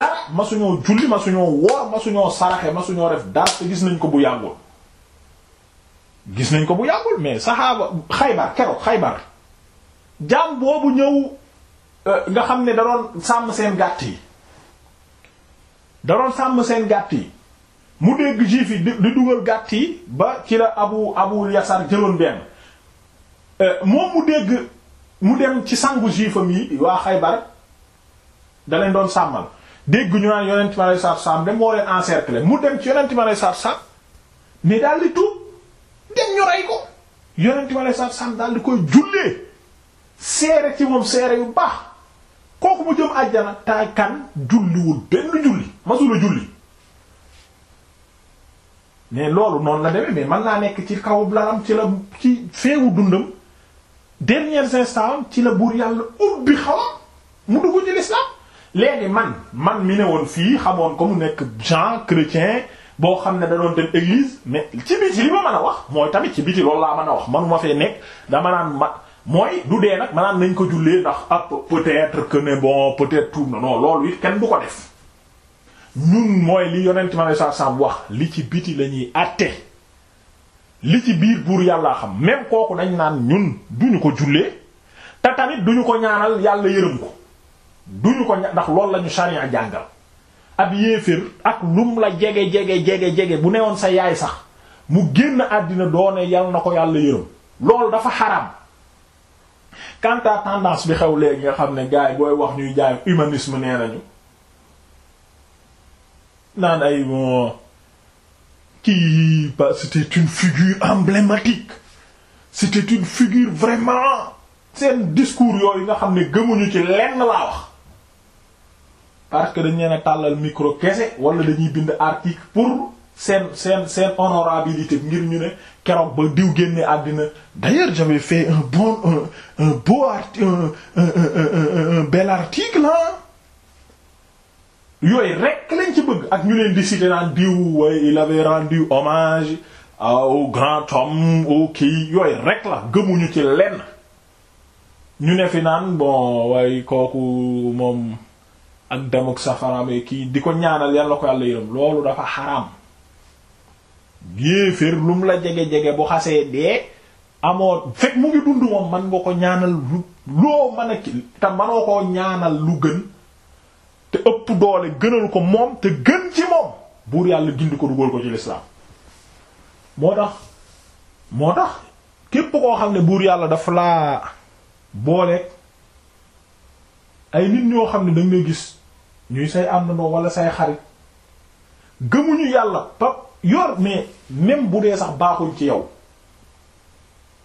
dara masuñoo julli masuñoo woor masuñoo saraxe masuñoo def dara te gis nañ ko bu yàggul gis nañ ko bu yàggul mais saxaaba xaybar keroog xaybar jaam boobu ñëw euh, nga xam ne da doon sàmm seen gàtt yi da doon sàmm seen gàtt yi mu dégg juif yi di dugal gàtt yi ba ci la abu abu yasar jëloon benn euh, moom mu dégg mu dem ci sangu juifam yi waa xaybar da leen doon sàmmal dégg ñu naan yonent mi alayhi salaatu salaam dem moo leen encercler mu dem ci yonent mi alayhi salaatu salaam mais daal di tuub dem ñu rey ko yonent mi alayhi salaatu salaam daal koy jullee seere ci moom seere yu baax kooku mu jëm àjjana taay kan julliwul benn julli masula julli mais loolu noonu la demee mais mën naa nekk ci kaw lalam ci la ci feewu dundam derniers instants ci la buur yàlla bi xawam mu dugg ci l'islam léegi man man mi ne woon fii xamoon ko mu nekk Jean chrétien boo xam ne da doon dem église mais ci biti li ma mën a wax mooy tamit ci biti loolu laa mën a wax manuma fee nekk dama naan ma mooy du dee nag maanaam nañ ko jullee ndax ak ah, peut-être que bon peut-être tout non non loolu it kenn du ko def ñun mooy li yonent ma ne saa sam wax li ci biti la ñuy àtte li ci biir buur yàllaa xam même kooku dañ naan ñun duñu ko jullee te tamit duñu ko ñaanal yàlla yërëm duñu ko ndax loolu la ñu jàngal ab yéefér ak lum la jege jege jege jege bu newoon sa yaay sax mu génn àddina doone yàlla na ko yàlla yërëm loolu dafa xaraam quant à tendance bi xew léegi nga xam ne gars yi booy wax ñuy jaay humanisme nee nañu naan ay mo kii ba c'était une figure emblématique c'était une figure vraiment seen discours yooyu nga xam ne gëmuñu ci lenn laa wax parce que dañ leen tàllal micro kese wala dañuy bind article pour seen seen seen honorabilité ngir ñu ne keroog ba diw génne àddina d'ailleurs j'avais fait un bon un, un beau arti un, bel article ah yooyu rek lañ ci bëgg ak ñu leen di citer naan diw waaye il avait rendu hommage au grand homme au kii yooyu rek la gëmuñu ci lenn ñu ne fi naan bon waaye kooku moom ak sa safarame kii di ko ñaanal yàlla ko yàlla yërëm loolu dafa xaram yéeféer lu mu la jege-jege bu xasee dee amoo fekk mu ngi dund moom man nga ko ñaanal lu loo mën a ki te manoo koo ñaanal lu gën te ëpp doole gënal ko moom te gën ci moom buur yàlla gindi ko dugal ko ci lislaam moo tax moo tax képp koo xam ne buur yàlla dafa laa boole ay nit ñoo xam ne danga gis ñuy say àndandoo wala say xarit gëmuñu yàlla pa yor mais même bu dee sax baaxul ci yow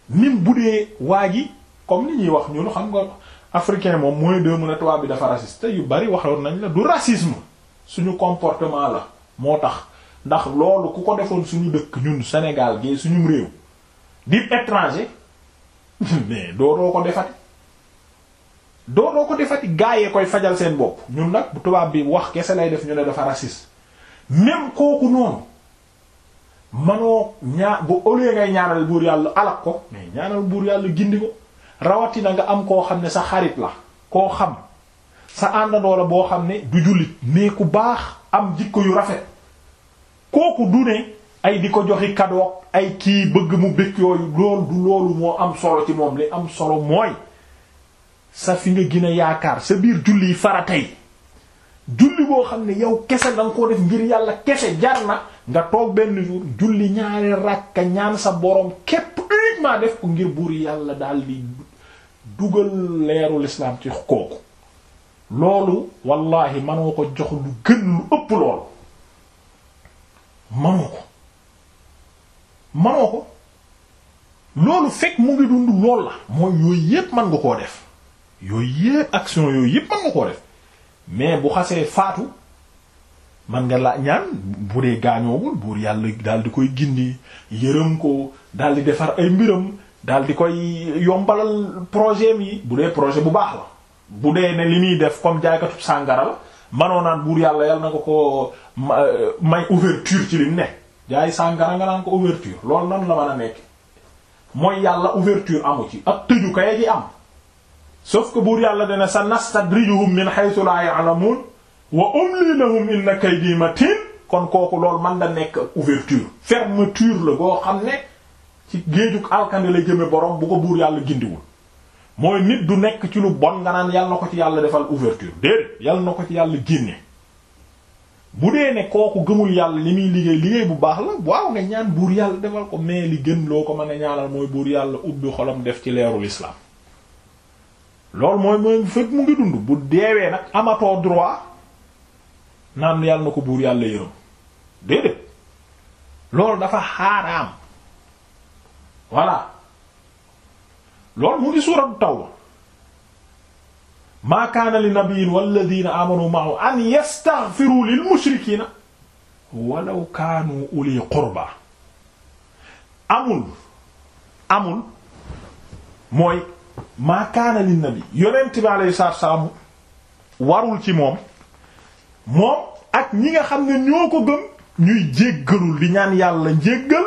nim bu dee waa ji comme ni ñuy wax ñun xam nga africain moom mooy deux mën toit tubaab bi dafa raciste yu bari waxoon nañ la du racisme suñu comportement la moo tax ndax loolu ku ko defoon suñu dëkk ñun Sénégal gi suñu réew di étranger mais doo doo ko defati doo doo ko defati gaayee koy fajal seen bopp ñun nag bu tubaab bi wax kese lay def ñu ne dafa raciste même kooku noonu manoo ñaa bu au lieu ngay ñaanal buur yàlla alak ko mais ñaanal buur yàlla gindi ko rawatina nga am koo xam ne sa xarit la koo xam sa àndandoo la boo xam ne du jullit mais ku baax am jikko yu rafet kooku du ne ay di ko joxi cadeau ay kii bëgg mu bëgg yooyu loolu du loolu moo am solo ci moom li am solo mooy sa fi nga gën yaakaar sa biir julli yi farata yi julli boo xam ne yow kese da koo def ngir yàlla kese jar na nga toog benn jour julli ñaari ràkka ñaan sa borom képp uniquement def ko ngir buur yàlla daal di dugal leeru lislaam ci kooku loolu wallahi manoo ko jox lu gën lu ëpp loolu manoo ko manoo ko loolu fekk mu ngi dund lool la mooy yooyu yépp mën nga koo def yooyu yee action yooyu yëpp mën nga koo def mais bu xasee faatu man nga la ñaan bu dee gaañoowul buur yàlla daal di koy gindi yërëm ko dal di defar ay mbiram daal di koy yombalal projet yi bu dee projet bu baax la bu dee ne li muy def comme jaaykatub sàngara la manoo naan buur yàlla yàlla na ko ko may ouverture ci lim ne jaay sàngara nga naan ko ouverture lool nan la mën a nekk mooy yàlla ouverture amu ci ak tëju kay ci am sauf ko buur yàlla de dana sa nastadrijuhum min haythu la ya'lamun wa umli lahum inna kaydi matin kon kooku loolu man da nekk ouverture fermeture la boo xam ne ci géejug alkande la jëme borom bu ko buur yàlla gindiwul mooy nit du nekk ci lu bon nga naan yàlla na ko ci yàlla defal ouverture déedéet yàlla na ko ci yàlla génne bu dee ne kooku gëmul yàlla li muy liggéey liggéey bu baax la waaw nga ñaan buur yàlla defal ko mais li gën loo ko mën a ñaanal mooy buur yàlla ubbi def ci leerul loolu mooy mooy fekk mu ngi dund bu deewee nag amatoo droit naan yàlla na ko buur yàlla yërëm déedéet loolu dafa xaaraam voilà loolu mu ngi suuratu tawba maa kaana li nabiyyin walladina amanu ma'ahu an yastaghfiru lil mushrikina walaw kaanu uli qurba amul amul mooy maa kaana lin nabi yonent bi alayhi warul ci moom moom ak ñi nga xam ne ñoo ko gëm ñuy jéggalul di ñaan yàlla njéggal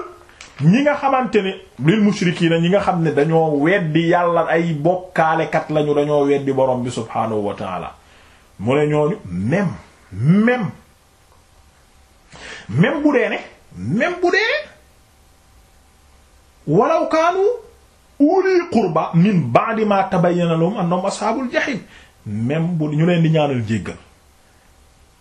ñi nga xamante ne lil mushrikiina ñi nga xam ne dañoo weddi yàlla ay bokkaalekat lañu dañoo weddi borom bi subhaanahu wa mu ne ñooñu même même même bu dee ne même bu dee ne uli qurba min ba'di ma tabayyana lahum annahum ashabul jahim même bu ñu leen di ñaanal jéggal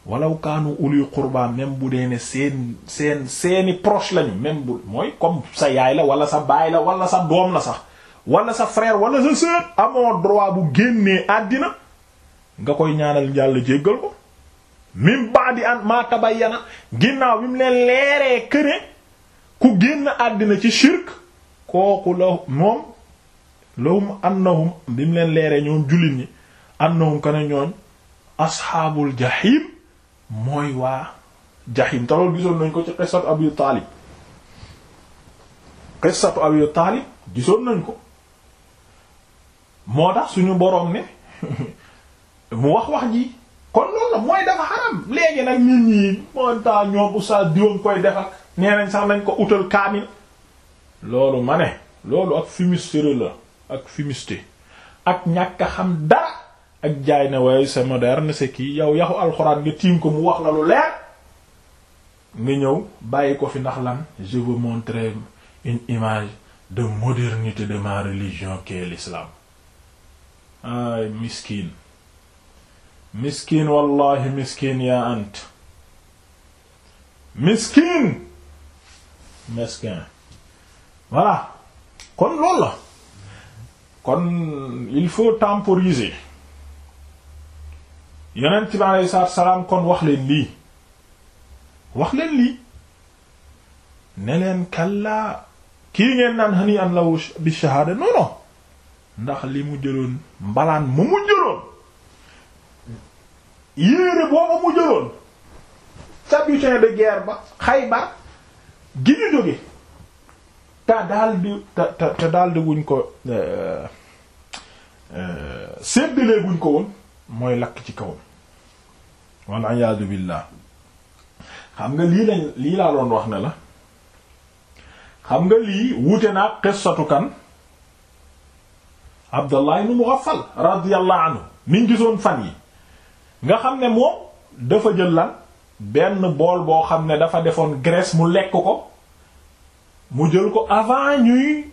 walaw kaanu uli qurba même bu dee ne seen seen seeni proche lañu même bu mooy comme sa yaay la wala sa baay la wala sa doom la sax wala sa frère wala sa sœur amoo droit bu génnee àddina nga koy ñaanal jàll jéggal ko min ba'di an maa tabayyana ginnaaw bi leen leeree këne ku génn àddina ci shirk kooku la moom lahum annahum bi mu leen leeree ñoom jullit ñi annahum kana ñooñ asxaabul jahim mooy waa jahim talool gisoon nañ ko ci qissatu Abi Taalib qissatu nañ ko moo tax suñu boroom ne mu wax wax ji kon loolu la mooy dafa xaram léegi nag nit ñi monta ñoom oustaz diwam koy defak nee nañ sax nañ ko utal kaamil loolu ma ne loolu ak fumisterie la ak fumiste ak ñàkk a xam dara ak jaay ne waaye c'est moderne c'est kii yow yaxu alxuraan nga tiim ko mu wax la lu leer nga ñëw bàyyi ko fi ndax lan je veux montrer une image de modernité de ma religion qu'est l'islam ay miskin miskin wallahi miskin yaa ant miskin meskin voilà kon loolu la kon il faut temporiser yonent bi aleyhi salaatu salaam kon wax leen lii wax leen lii ne leen kallaa kii ngeen naan xanii an law bi shahaada non ndax li mu jëloon mbalaan ma mu jëloon yéere booba mu jëloon ca butin de guerre ba Xaybar gi ñu jóge te daal di te te daal wuñ ko euh, euh, séddalee guñ ko woon mooy lakk ci kawam walla iyaadu billaah xam nga lii lañ lii laa doon wax ne la xam nga lii wuute naa qissatu kan Abdallah ibn Mughaffal radiyallahu anhu niñ gisoon fan yi nga xam ne moom dafa jël lan benn bool boo xam ne dafa defoon graisse mu lekk ko mu jël ko avant ñuy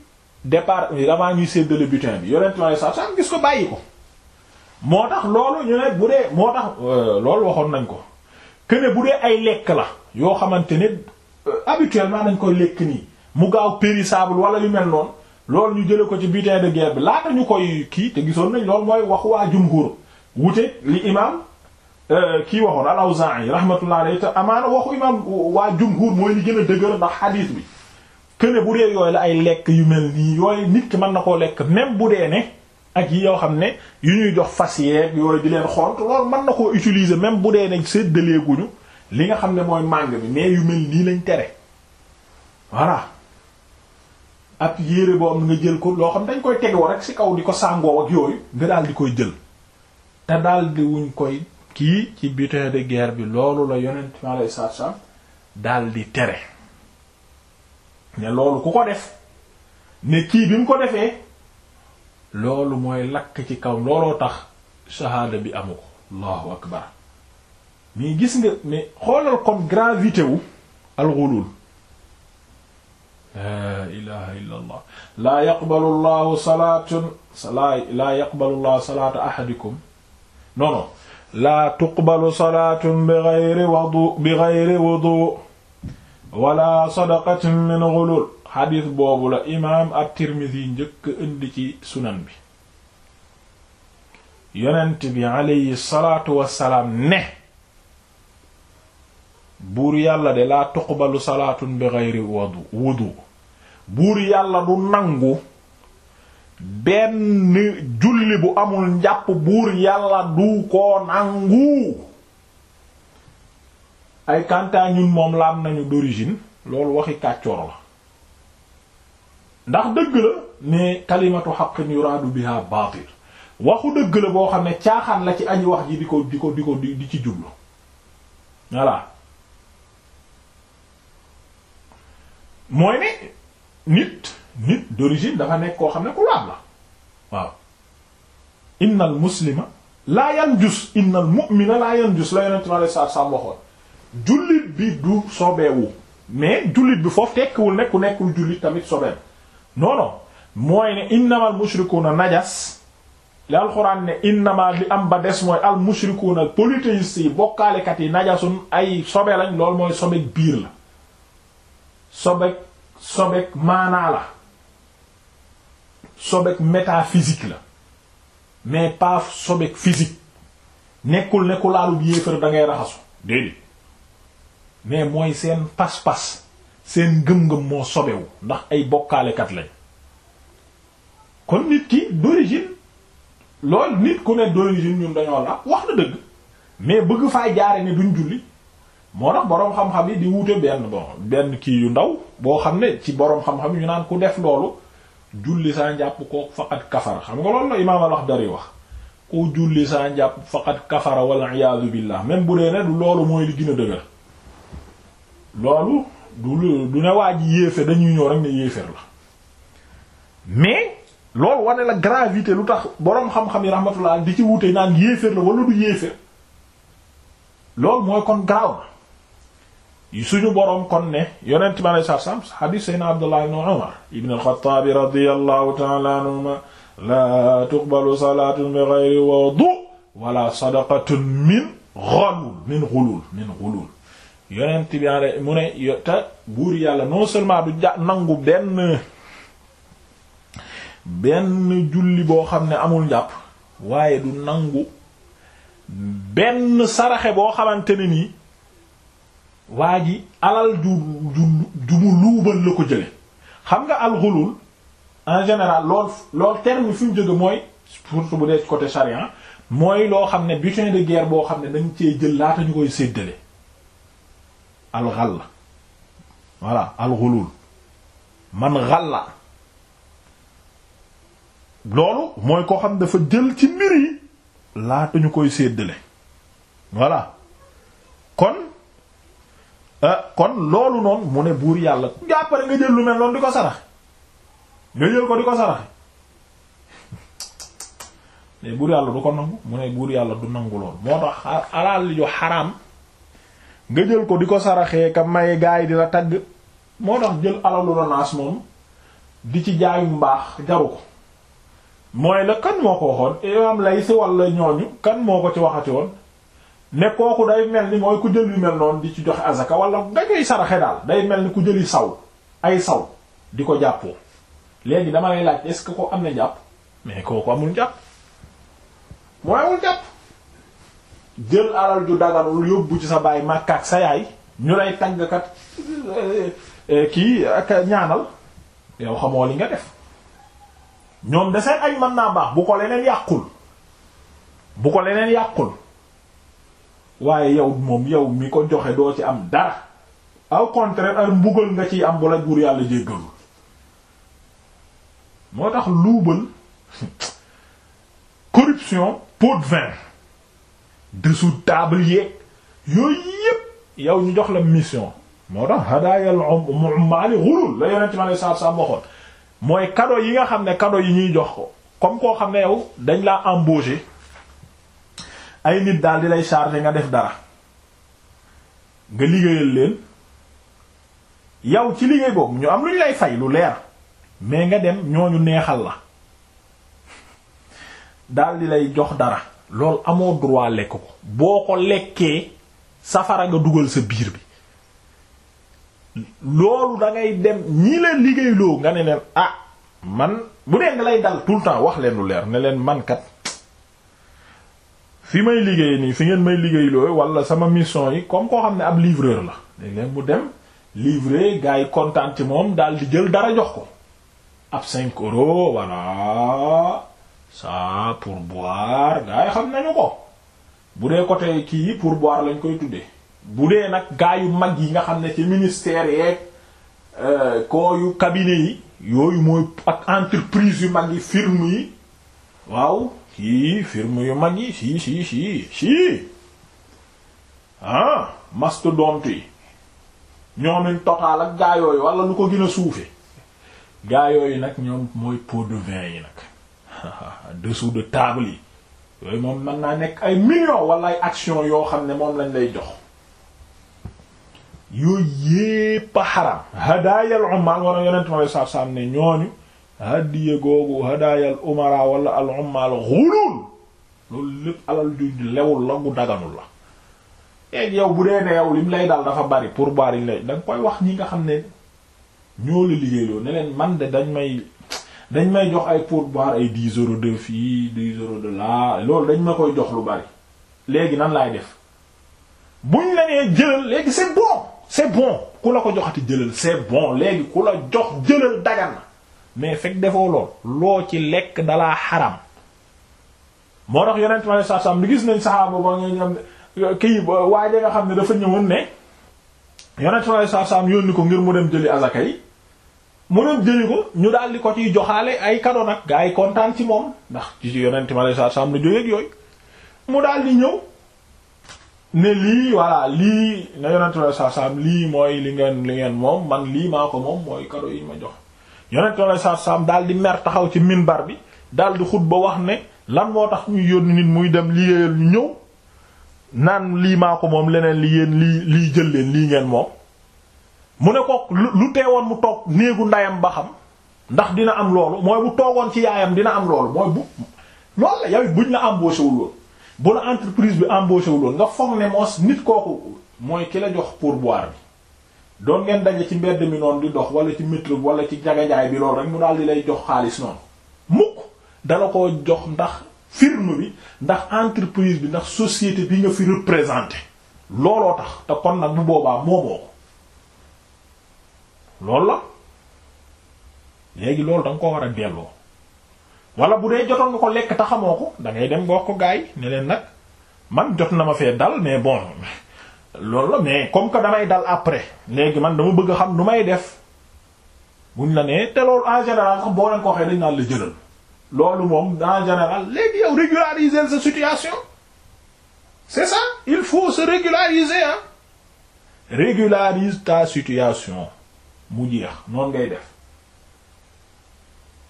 départ avant ñuy séddale butin bi yonent ma sax sax gis ko bàyyi ko moo tax loolu ñu ne bu dee moo tax euh, loolu waxoon nañ ko que bu dee ay lekk la yoo xamante ne euh, habituellement dañ koy lekk nii mu gaaw périssable wala yu mel noonu loolu ñu jële ko ci butin de guerre bi laata ñu koy kii te gisoon nañ loolu mooy wax waa jumhur wute li imaam euh, kii waxoon al-Awzaa'i rahmatullahi alayhi te amaana waxu imaam waa jumhur mooy li gën a dëgër ndax xadiis bi këne bu dee yooyu la ay lekk yu mel nii yooyu nit ki mën na koo lekk même bu dee ne ak yi yoo xam ne yu ñuy jox fas yeeg yooyu di leen xont loolu mën na koo utiliser même bu dee ne séddaleeguñu li nga xam ne mooy màng bi mais yu mel nii lañ tere voilà ab yére boo am nga jël ko loo xam ne dañ koy tegoo rek ci kaw di ko sàngoo ak yooyu nga daal di koy jël te daal di wuñ koy kii ci butin de guerre bi loolu la yonent mi alayhi salaam daal di tere ne loolu ku ko def ne kii bi mu ko defee loolu mooy lakk ci kaw looloo tax shahada bi amu ko allahu akbar gis nga mais xoolal kon gravité wu alxulul laa ilaha illa allah laa yaqbalu llahu salatun laa yaqbalu llahu salata ahadikum non non laa wudu wala sadaqatin min ghulul xadis boobu la imaam at-Tirmidhi njëkk indi ci sunan bi yonent bi aleyhi salaatu wassalaam ne buur yàlla de laa tuqbalu salaatun bi ghayri wudu wudu buur yàlla du nangu benn julli bu amul njàpp buur yàlla du ko nangu ay kantaa ñun moom laa laam nañu d'origine loolu waxi kàccoor la ndax dëgg la ne kalimatu haqqin yuraadu biha baatil waxu dëgg la boo xam ne caaxaan la ci añ wax ji di ko di ko di di ci jublu voilà mooy ne nit nit d'origine dafa nekk koo xam ne ku laab la waaw innal muslima laa yanjus innal mu'mina laa yanjus la yonentu Yàlla sallallahu alayhi wasallam waxoon jullit bi du sobewu mais jullit bi foofu tekkiwul ne ku nekkul jullit tamit sobewu non non mooy ne innamal mushrikuuna najas li alxuraan ne innama li am ba des mooy al mushrikuuna polythéistes yi bokkaalekat yi najasun ay sobe lañ lool mooy sobek biir la sobek sobek maanaa la sobek métaphysique la mais pas sobek physique nekkul ne ku laalub yéefar da ngay raxasu mais mooy seen pas-pas seen ngëm-ngëm moo sobewu ndax ay bokkaalekat lañ kon nit ki d'origine loolu nit ku ne d'origine ñun dañoo la wax na dëgg mais bëgg faa jaare ni duñ julli moo tax boroom xam-xam yi di wuute benn bon benn kii yu ndaw boo xam ne ci boroom xam-xam yi ñu naan ku def loolu julli saa njàpp ko faqat kafara xam nga loolu la imaam al-Akhdari wax ku julli saa njàpp faqat kafara wal iyaadu billah même bu dee ne du loolu mooy li gën a dëgër loolu du du ne waa ji dañuy ñëw rek ne yéeféer la mais loolu wane la gravité lu tax boroom xam-xam yi rahmatullah di ci wuute naan yéeféer la wala du yéeféer loolu mooy kon garaaw na suñu boroom kon ne yonent bi alei satu selaam hadith sayna Abdullah ibn Umar ibn al-Khattab radiyallahu ta'ala la tuqbalu salatun bi ghayri wudu wala sadaqatun min ghulul min ghulul min ghulul yonent bi mu ne te buur yàlla non seulement du ja nangu benn benn julli boo xam ne amul njàpp waaye du nangu benn saraxe boo xamante ne nii waa ji alal ju ju ju mu luubal la ko jële xam nga alxulul en général lool lool terme fu mu jóge mooy surtout bu dee côté charia mooy loo xam ne butin de guerre boo xam ne dañ cee jël laata ñu koy séddale alxal voilà alxulul man xalla loolu mooy koo xam dafa jël ci mbir yi laata ñu koy séddale voilà kon a euh, kon loolu noonu mu ne buur yàlla jàppare nga jël lu mel noonu di ko sarax nga jël ko di ko sarax mais buur yàlla du ko nangu mu ne buur yàlla du nangu lool moo tax alal yu xaraam nga jël ko di ko saraxee ka maye gaa yi di la tagg moo tax jël alalu Lonase moom di ci jaayum mbaax jaru ko mooy la kan moo ko waxoon imam lay si walla ñooñu kan moo ko ci waxati woon ne kooku day mel ni mooy ku jël yu mel noonu di ci joxe azaka wala nga koy saraxe daal day mel ni ku jëli saw ay saw di ko jàppoo léegi dama lay laaj est-ce que ko am na jàpp mais kooku amul jàpp mooy amul jàpp jël alal du daganul yóbbu ci sa baay Makka ak sa yaay ñu lay tàggkat eh, eh, kii ak ñaanal yow xamoo li nga def ñoom de seen añ mën naa baax bu ko leneen yàqul bu ko leneen yàqul waaye yow moom yow mi ko joxe doo ci am dara au contraire ay mbugal nga ci am bu la buur yàlla jéggalul moo tax luubal corruption pot de dessous table yeeg yooyu yépp yow ñu jox la mission moo tax hadayal um, maali xulul la yonent ma ne saab saab waxoon mooy cadeau yi nga xam ne cadeau yi ñuy jox ko comme koo xam ne yow dañ laa embauché ay nit daal lay chargé nga def dara nga liggéeyal leen yow ci liggéey boobu ñu am lu ñu lay fay lu leer mais nga dem ñooñu neexal la daal lay jox dara loolu amoo droit lekk ko boo ko lekkee safara nga dugal sa biir bi loolu dangay dem ñi leen liggéeyloo nga ne leen ah man bu dee nga lay dal tout le temps wax leen lu leer ne leen mankat fi may liggéey nii fi ngeen may liggéeyloo wala sama mission yi comme koo xam ne ab livreur la léegi leen mu dem livrer gars yi kontaan ci moom daal di jël dara jox ko ab 5 euros voilà sa pour boire gars yi xam nañu ko bu dee côté kii yi pour boire lañ koy tuddee bu dee nag gaa yu mag yi nga xam ne ci ministère yeeg euh, kooyu cabinet yi yooyu mooy ak entreprise yu mag yi firme yi waaw kii firme yu mag yi si si si si ah mastodonte yi ñoomin toxaal ak gaa yooyu wala lu ko gën a gaa yooyu nag ñoom mooy pot de vin yi nag dessous de table yi yooyu moom mën naa nekk ay millions walla ay action yoo xam ne moom lañ lay jox yooyu yépp a xaram hadayal ummal wala yonent al ummal xulul loolu lépp alal ju lewul la gu daganul la eeg yow bu dee ne yow lim lay daal dafa bari pour boiriñ lay da koy wax ñi nga xam ne ñoo la liggéeyloo ne leen man de dañ may dañ may jox ay pourboire ay dix euros de fii dix euros de là loolu dañ ma koy jox lu bari léegi nan laay def buñ la nee jëlal léegi c'est bon c'est bon ku la ko joxati jëlal c'est bon léegi ku la jox jëlal dagan na mais fekk defoo lool loo ci lekk dalaa xaram moo tax yonent ma ne saabsaab bi gis nañ saxaaba ba nga ñam kii waaye nga xam ne dafa ñëwoon ne yonent ma ne saabsaab yónni ko ngir mu dem jëli azaka yi. mu dem jëli ko ñu daal di ko ciy joxaale ay kado nag gaa yi kontaan ci moom ndax ci yonent ma lay saa sam la jógeeg yooyu mu daal di ñëw ne lii voilà lii na yonent ma lay saa sam lii mooy li ngeen li ngeen moom man lii maa ko moom mooy sam daal di mer taxaw ci min bar bi daal di ba wax ne lan moo tax ñu yónni nit muy dem liggéeyal ñu ñëw naan lii maa ko moom leneen li yéen lii lii jël leen lii ngeen moom. mu ne ko lu teewoon mu toog néegu ndayam ba xam ndax dina am loolu mooy bu toogoon ci yaayam dina am loolu mooy bu loolu la yow buñ la embauché wul woon bu la entreprise bi embauché wul woon nga foog ne moos nit kooku mooy ki la jox pourboire bi doon ngeen daje ci mbedd mi noonu di dox wala ci métro wala ci jaganjaay bi loolu rek mu daal di lay jox xaalis noonu mukk dala ko jox ndax firme bi ndax entreprise bi ndax société bi nga fi représenté looloo tax te kon nag bu boobaa moomoo loolu la léegi loolu da ko war a delloo wala bu dee jotoon nga ko lekk te xamoo ko dangay dem nga wax ko gars yi ne nag man jot na ma fee dal mais bon loolu la mais comme que damay dal après léegi man dama bëgg a xam nu may def buñ la te loolu en général sax boo leen ko waxee dañ naan jëlal loolu moom en général léegi yow régulariser sa situation c'est ça il faut se régulariser ah régularise ta situation mu jeex noonu ngay def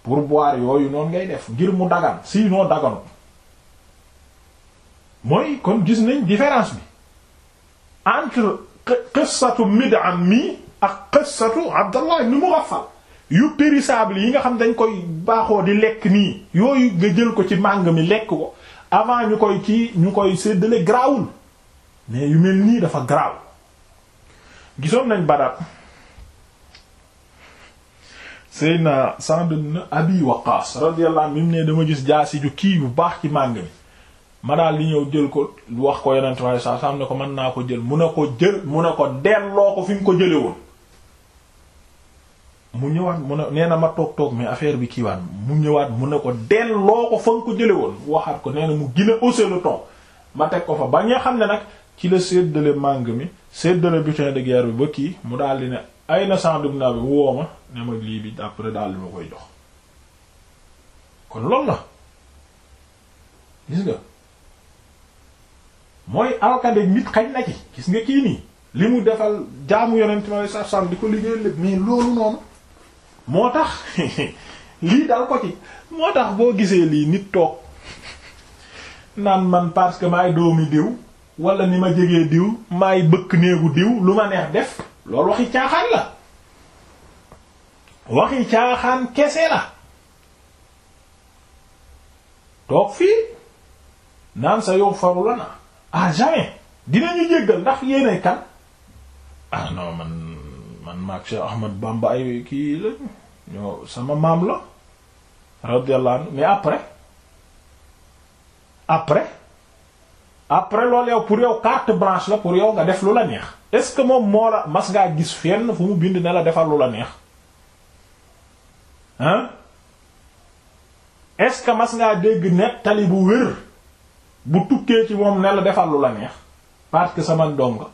pourboire yooyu noonu ngay def ngir mu dagan sinon daganut mooy kon gis nañ différence bi entre qissatu Mid'am mi ak qissatu Abdallah ibn Mughaffal yu périssable yi nga xam dañ koy baaxoo di lekk nii yooyu nga jël ko ci màng mi lekk ko avant ñu koy ci ñu koy séddale grawul mais yu mel nii dafa graw gisoon nañ Badar Seyna Sa'd ibn Abi Waqqas radiyallahu anhu ne dama gis jaasi ju kii bu baax ci màng mi ma daal li ñëw jël ko wax ko Yonent bi sallallahu alayhi wasallam ne ko mën naa ko jël mu ne ko jël mu ne ko delloo ko fi nga ko jële woon mu ñëwaat mu ne nee na ma toog toog mais affaire bi kiiwaat mu ñëwaat mu ne ko delloo ko fa jële woon waxaat ko nee na mu gën a hausser le ma teg ko fa ba nga xam ne nag ci la seddale màng mi séddale butin de guerre bi ba kii mu daal di ne ay na Sa'd ibn Abi woo ma ne ma lii bi après daal di ma koy jox kon loolu la gis nga mooy alkande nit xañ na ci gis nga kii nii li mu defal jaamu yonent ma sa sam di ko liggéey lépp mais loolu noonu moo tax lii dal ko ci moo tax boo gisee lii nit toog naan man parce que maay doomi diw wala ni ma jegee diw may bëkk néegu diw lu ma neex def loolu waxi caaxaan la waxi caaxaan kese la toog fii naan sa yow faru la na à jamais dinañu jéggal ndax yéenay kan ah non man man maag Cheikh Ahmad Bamba ay kii la ñoo sama maam la radiyallahu anhu mais après après après loolu yow pour yow carte blanche la pour yow nga def lu la neex est-ce que moom moo la mas ngaa gis fenn fu mu bind ne la defal lu la neex hein est-ce que mas ngaa dégg nettali bu wér bu tukkee ci moom ne la defal lu la neex parce que sama doom nga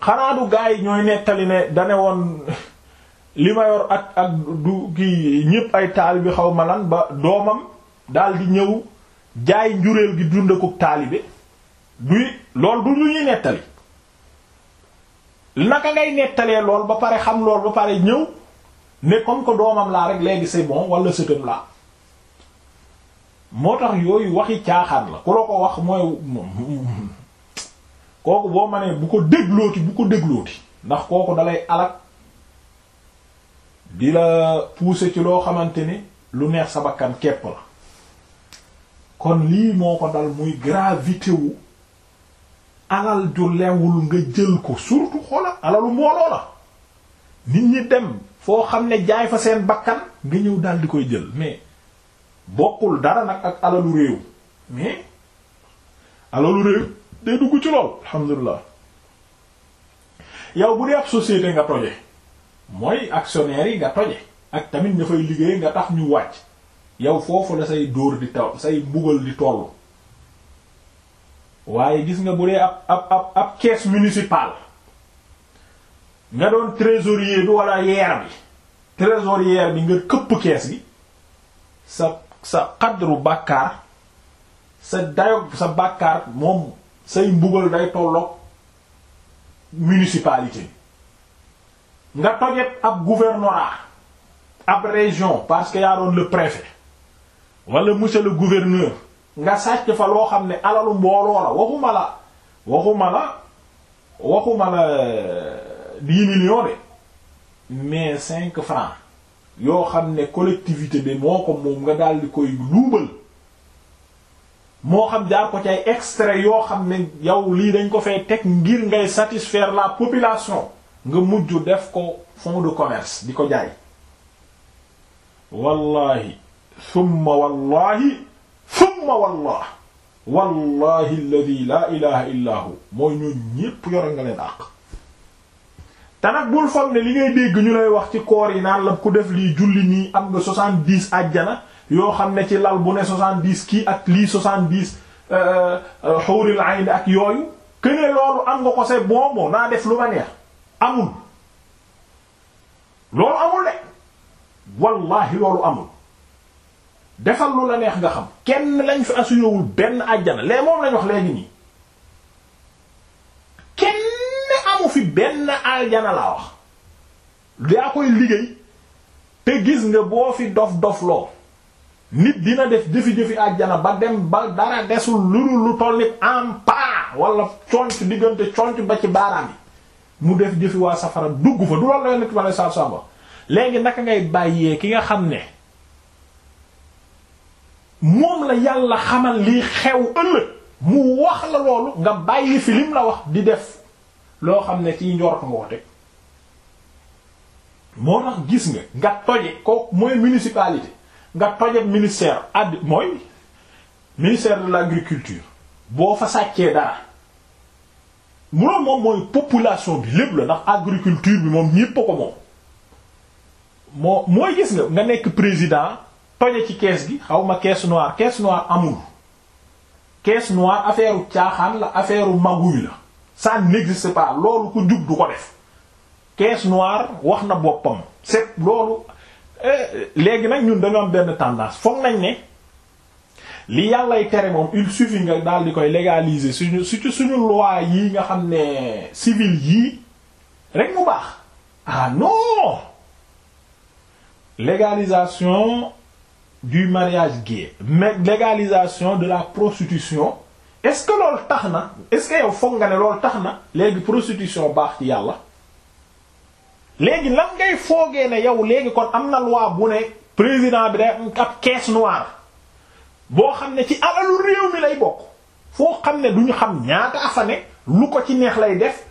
xanaa du gaa yi ñooy nettali ne dane woon li ma ak ak du kii ñépp ay taal bi xaw ma lan ba doomam daal di ñëw jaay njureel gi dund ko taalibe duy lool du lu ñuy nettali naka ngay nettalee lool ba pare xam lool ba pare ñëw ne comme que doomam laa rek léegi c'est bon wala sëtam laa moo tax yooyu waxi caaxaan la ku la ko wax mooy kooku boo ma bu ko déglooti bu ko déglooti ndax kooku dalay alak di la pousser ci loo xamante ni lu neex sa bakkan képp la kon lii moo ko dal muy gravité wu alal ju lewul nga jël ko surtout xoola alalu mbooloo la nit ñi dem foo xam ne jaay fa seen bakkan nga ñëw daal di koy jël mais bokkul dara nag ak alalu réew mais alalu réew day dugg ci lool alhamdulilah yow bu dee ab société nga toje mooy actionnaires yi nga toje ak tamit ñu fay liggéey nga tax ñu wàcc yow foofu la say dóor di taw say mbugal di toll waaye gis nga bu dee ab ab ab ab caisse municipale nga doon trésorier bi wala yeer bi trésorier bi nga këpp kees gi sa sa xadru bàkkaar sa dayog sa bàkkaar moom say mbugal day tolloog municipalité bi nga tojet ab gouvernorat ab région parce que yaa doon le préfet wala monsieur le gouverneur nga sàcc fa loo xam ne alalu mbooloo la waxuma la waxuma la waxuma la euh, dix millions de mais cinq francs yoo xam ne collectivité bi moo ko moom nga daal di koy luubal moo xam jaar ko ci ay extrait yoo xam ne yow lii dañ ko fa teg ngir ngay satisfaire la population nga mujj def ko fonds de commerce di ko jaay wallahi summa wallaahi summa wallah wallahi alladi laa ilaha te nag bul foog ne li ngay dégg ñu lay wax ci koor yi naan la ku def lii julli nii am nga soixante-dix àjjana yoo xam ne ci lal bu ne soixante-dix kii ak lii soixante-dix euh, euh, xuuril ak yooyu kënee loolu am nga ko c'est bon naa def lu ma neex amul loolu amul de wallahi loolu amul defal lu la neex nga xam kenn lañ fi assuréwul benn àjjana lee moom lañ wax léegi nii kenn amu fi benn àjjana laa wax daa koy liggéey te gis nga boo fi dof dof loo nit dina def jëfi-jëfi àjjana ba dem ba dara desul lurul lu toll nit en pas wala conc diggante conc ba ci baaraam yi mu def jëfi waa safara dugg fa du loolu la nit ma ne saab-samba léegi naka ngay bàyyee ki nga xam ne moom la yàlla xamal liy xew ëllëg mu wax la loolu nga bàyyi fi lim la wax di def loo xam ne ciy njort nga ko moo tax gis nga nga toje ko mooy municipalité nga toje ministère add mooy ministère de l'agriculture boo fa sàccee dara muloon moom mooy population bi lépp la ndax agriculture bi moom ñépp ko moom moo mooy gis nga nga nekk président toje ci kees gi xaw ma caisse noire caisse noire amul kees noire affaire u caaxaan la affaire u magouille la ça n'existe pas loolu ku jub du ko def caisse noire wax na boppam c'est loolu eh, léegi nag ñun dañoo am benn tendance foog nañ ne li yàllay tere moom il suffit nga daal di koy légaliser suñu surtout suñu loi yi nga xam ne civil yii rek mu baax ah non légalisation du mariage gay légalisation de la prostitution est-ce que loolu tax na est-ce foog nga ne loolu tax na léegi prostitution baax ci yàlla léegi lan ngay foogee ne yow léegi kon am na loi bu ne président bi day am ab caisse noire boo xam ne ci alalu réew mi lay bokk foo xam ne duñu xam ñaata afa ne lu ko ci neex lay def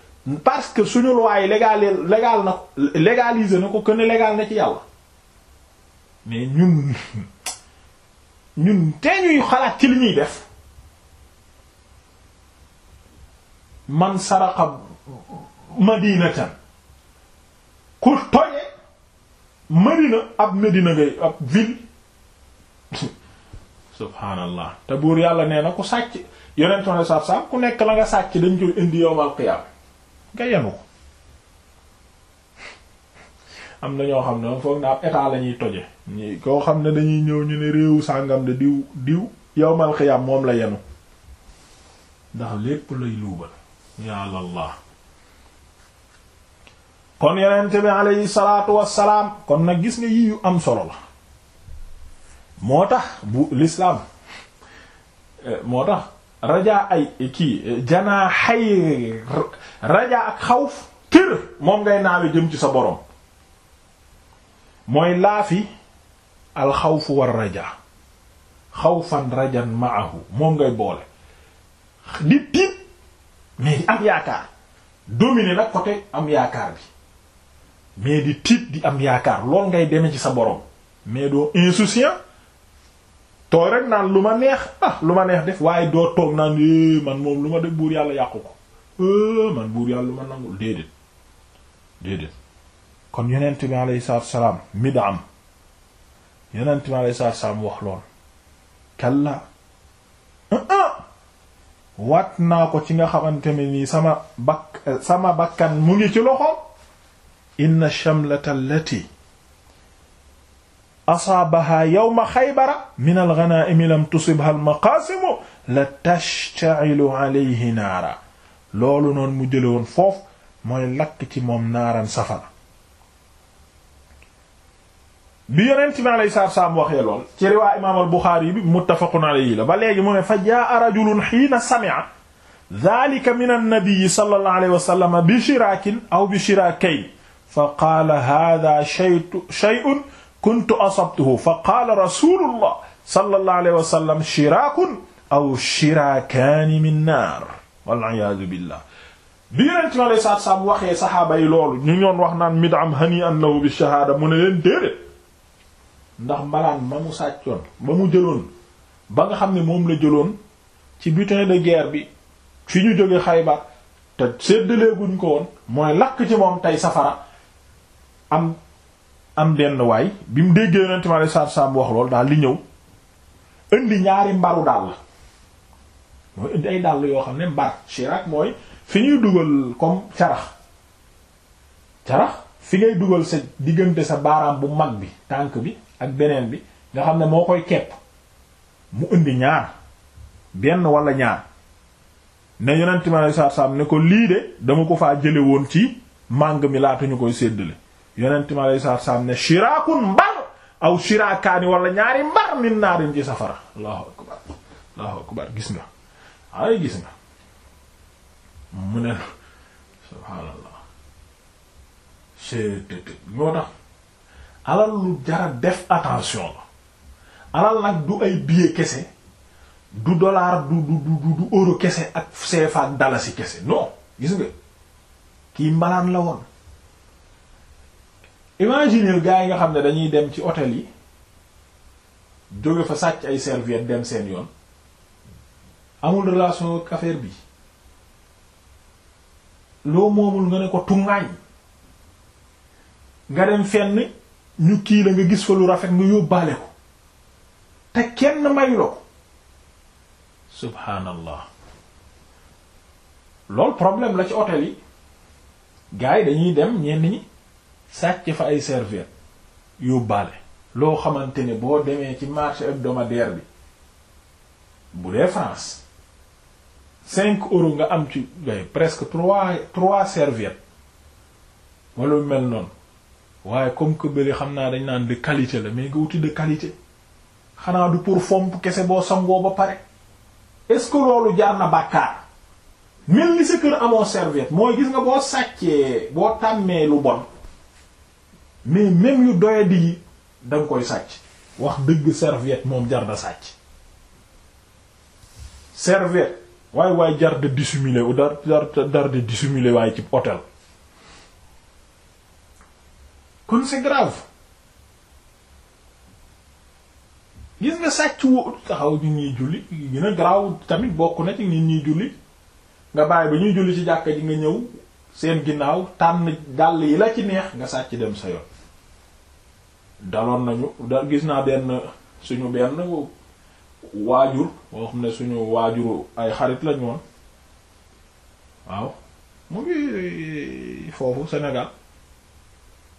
parce que suñu loi yi légal na légaliser na ko que ne légal na ci yàlla ñu te ñuy xalaat ci li ñuy def man saraqa madinatan ku toje madina ab madina ngay ab ville subhaanallah te buur yàlla nee na ku sàcc yonentu ne saab ku nekk la nga sàcc dañ koy indi yowmal qiyaam nga yenu ko am na ñoo xam ne foog na ab état la toje ñi koo xam ne dañuy ñëw ñu ne réew sàngam de diw diw yowmal xiyaam moom la yenu ndax lépp lay luubal yàlla allah kon yenente bi aleyhi wassalaam kon nag gis nga yi yu am solo la moo tax bu lislaam eh, moo tax rajaa ay kii janaa xay rajaa ak xawf kër moom ngay naawe jëm ci sa borom mooy laafi alxawfu war raja xawfan rajan maahu moom ngay boole di tiit mais di am yaakaar dominer nag côté am yaakaar bi mais di tiit di am yaakaar lool ngay deme ci sa borom mais doo insouciant tooy rek naan lu ma neex ah lu ma neex def waaye doo toog naan é eh, man moom lu ma def buur yàlla yàqu ko eh, man buur yàlla lu ma nangul déedéet déedéet kon yonent bi alayhi salaatu salaam midam yonent bi alayhi salaatu salaam wax lool naa ko ci nga xamante ne nii sama bakk sama bakkan mu ngi ci loxo inna shamlata allati asaabaha yawma xaybara min alghanaa'imi lam tusibha almaqaasimu la tashta'ilu alayhi naara loolu noon mu jële woon foofu mooy lakk ci moom naaran safara bi yonent bi alayhi salaatu salaam waxee lool ci riwaa imaam al Buxaari bi muttafaqun alayhi la ba léegi mu ne fa jaa rajulun hiina sami'a dhaalika min an-nabiyyi sallallahu alayhi wa sallam bi shiraakin aw bi shiraakayn fa qaala haadhaa shay'un kuntu asabtuhu fa qaala rasuulullah sallallahu alayhi wa sallam shiraakun aw shiraakaani min naar wal iyaadu billah bi yonent bi alayhi salaatu salaam waxee saxaaba yi loolu ñu ñoon wax naan mid'am hanii'an lahu bi shahaada mu ne leen déedéet ndax mbalaan ma mu sàccoon ba mu jëloon ba nga xam ne moom la jëloon ci butin de guerre bi fi ñu jóge Xaybar te séddaleeguñ ko woon mooy lakk ci moom tey safara am am denn waay bi mu déggee yonent mi alayhi salaatu salaam wax lool daal li ñëw indi ñaari mbaru dàll mooy indi ay dàll yoo xam ne mbar chirac mooy fi ñuy dugal comme carax carax fi ngay dugal sa diggante sa baaraam bu mag bi tànk bi ak beneen bi nga xam ne moo koy kepp mu indi ñaar benn walla ñaar ne yonent mi alei satu salaam ne ko lii de dama ko faa jële woon ci màng mi laata ñu koy seddale yonent mi alei satu salaam ne shiraakun mbar aw shiraakaani wala ñaari mbar min naarin ci safara allahu akbar allahu akbar gis nga ay gis nga mu ne subhaanallah moo tax alal lu jara def attention la alal nag du ay billet kese du dollar du du du du euro kese ak CFA ak dalasi kese non gis nga kii mbalaan la woon imaginer gars yi nga xam ne dañuy dem ci hôtel yi jóge fa sàcc ay serviette dem seen yoon amul relation ak bi loo moomul nga ne ko tuŋaañ nga dem fenn ñu kii la nga gis fa lu rafet nga yóbbaale ko te kenn mayuloo subhaanallah loolu problème la ci hôtel yi gars yi dañuy dem ñenn ñi sàcc fa ay serviette yóbbaale loo xamante ne boo demee ci marché hebdomadaire bi bu dee France cinq euros nga am ci presque trois trois serviettes wala mel noonu waaye comme que bële xam naa dañ naan de qualité la mais nga wuti de qualité xanaa du pour fomp kese boo sangoo ba pare est-ce que loolu jaar na bàkkaar mel ni sa kër amoo serviette mooy gis nga boo sàccee boo tàmmee lu bon mais même yu doyadi yi da koy sàcc wax dëgg serviette moom jar da sàcc serviette waaye waaye jar de dissimuler ou dar dar de dissimuler waaye ci hôtel kon c'est grave gis nga sàcc wu taxaw nit ñuy julli gën grave tamit bokk na ci nit ñuy julli nga bàyyi ba ñuy julli ci jàkka ji nga ñëw seen ginnaaw tànn dàll yi la ci neex nga sàcc dem sa yoon daloon nañu da gis naa benn suñu benn waajur boo xam ne suñu waajuru ay xarit lañu woon waaw mu ngi foofu Sénégal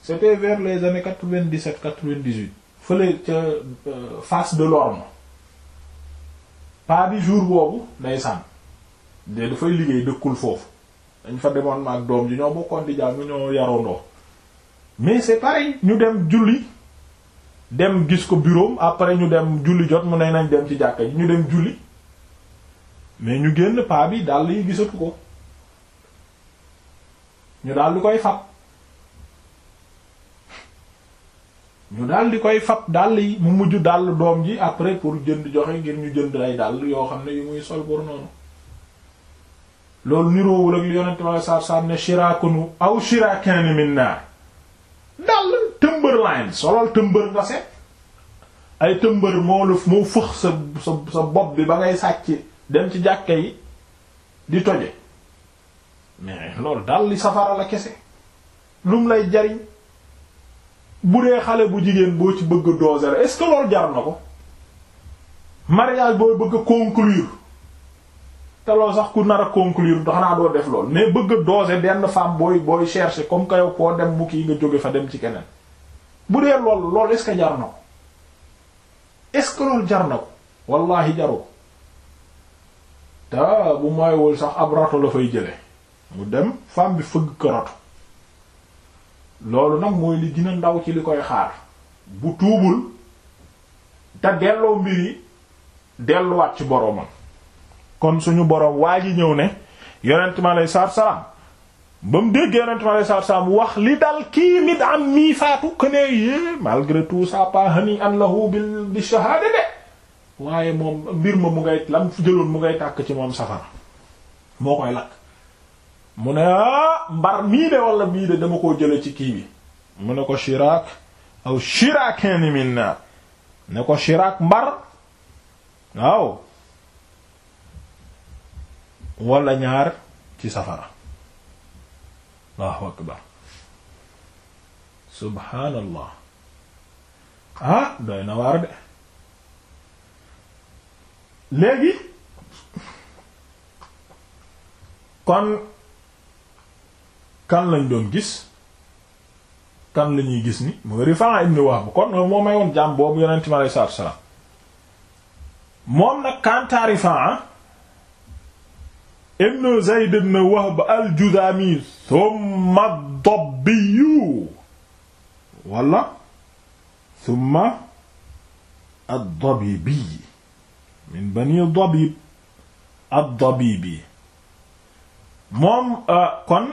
c'était vers les années quatre-vingt-dix-sept quatre-vingt-dix-huit fële ca euh, face de l'orme pas bi jour boobu ndeysaan de dafay liggéey dëkkul foofu dañ fa demoon ma ak doom ji ñoo bokkoon di jàng ñoo yarondoo mais c'est pareil ñu dem julli dem gis ko bureau après ñu dem julli jot mu ne nañ dem ci jàkka ji ñu dem julli mais ñu génn paa bi dàll yi gisatu ko ñu daal lu koy fab ñu daal di koy fab dàll yi mu mujj dàll doom ji après pour jënd joxe ngir ñu jënd ay dal yoo xam ne yu muy sol pour noonu loolu niroowul ak li yonent ma saar saar ne shirakunu aw shirakaani min naar dàll tëmbër line solol tëmbër nga set ay tëmbër moo la moo fëx sa sa bopp bi ba ngay sàcc dem ci jàkka yi di toje mais loolu dàll safara la kese lum lay jariñ bu dee xale bu jigéen boo ci bëgg doose doser est-ce que jar na ko mariage booy bëgg a te loolu sax ku nar a conclure ndax naa doo def lool mais bëgg a benn femme booy booy chercher comme que yow bu kii nga jóge fa dem ci keneen bu dee lool loolu est-ce jar na ko est-ce que jar na ko wallaahi jaroo te bu maywul sax ab rato la fay jële mu dem femme bi fëgg ko rato loolu nag mooy li gën ndaw ci li koy xaar bu tuubul te delloo mbir yi delluwaat ci boroomam kon suñu boroom waa ji ñëw ne yonent mi aleyhi salaatu salaam ba mu déggee yonent mi aleyhi salaatu salaam wax li dal kii nit am mii faatu que ne yee malgré tout ça pas hani an lahu bil bi de waaye moom mbir ma mu ngay lam jëloon mu ngay tàkk ci moom safara moo koy lakk mu ne ah, mbar mii de wala mii de dama koo jële ci kii bi mu ne ko shiraak aw shiraakeeni min ne ko shiraak mbar waaw walla ñaar ci safara allahu akbar subhaanallah ah doy na de léegi kon kan lañ doon gis kan la ñuy gis ni mooy Rifaa ibn Wahb kon moo may woon jaam boobu yonent mi alayhi salaam moom nag kanta Rifaa ibn Zayd ibn Wahb al-Judaami thumma ad-Dabbi wala min bani Dabib ad moom euh, kon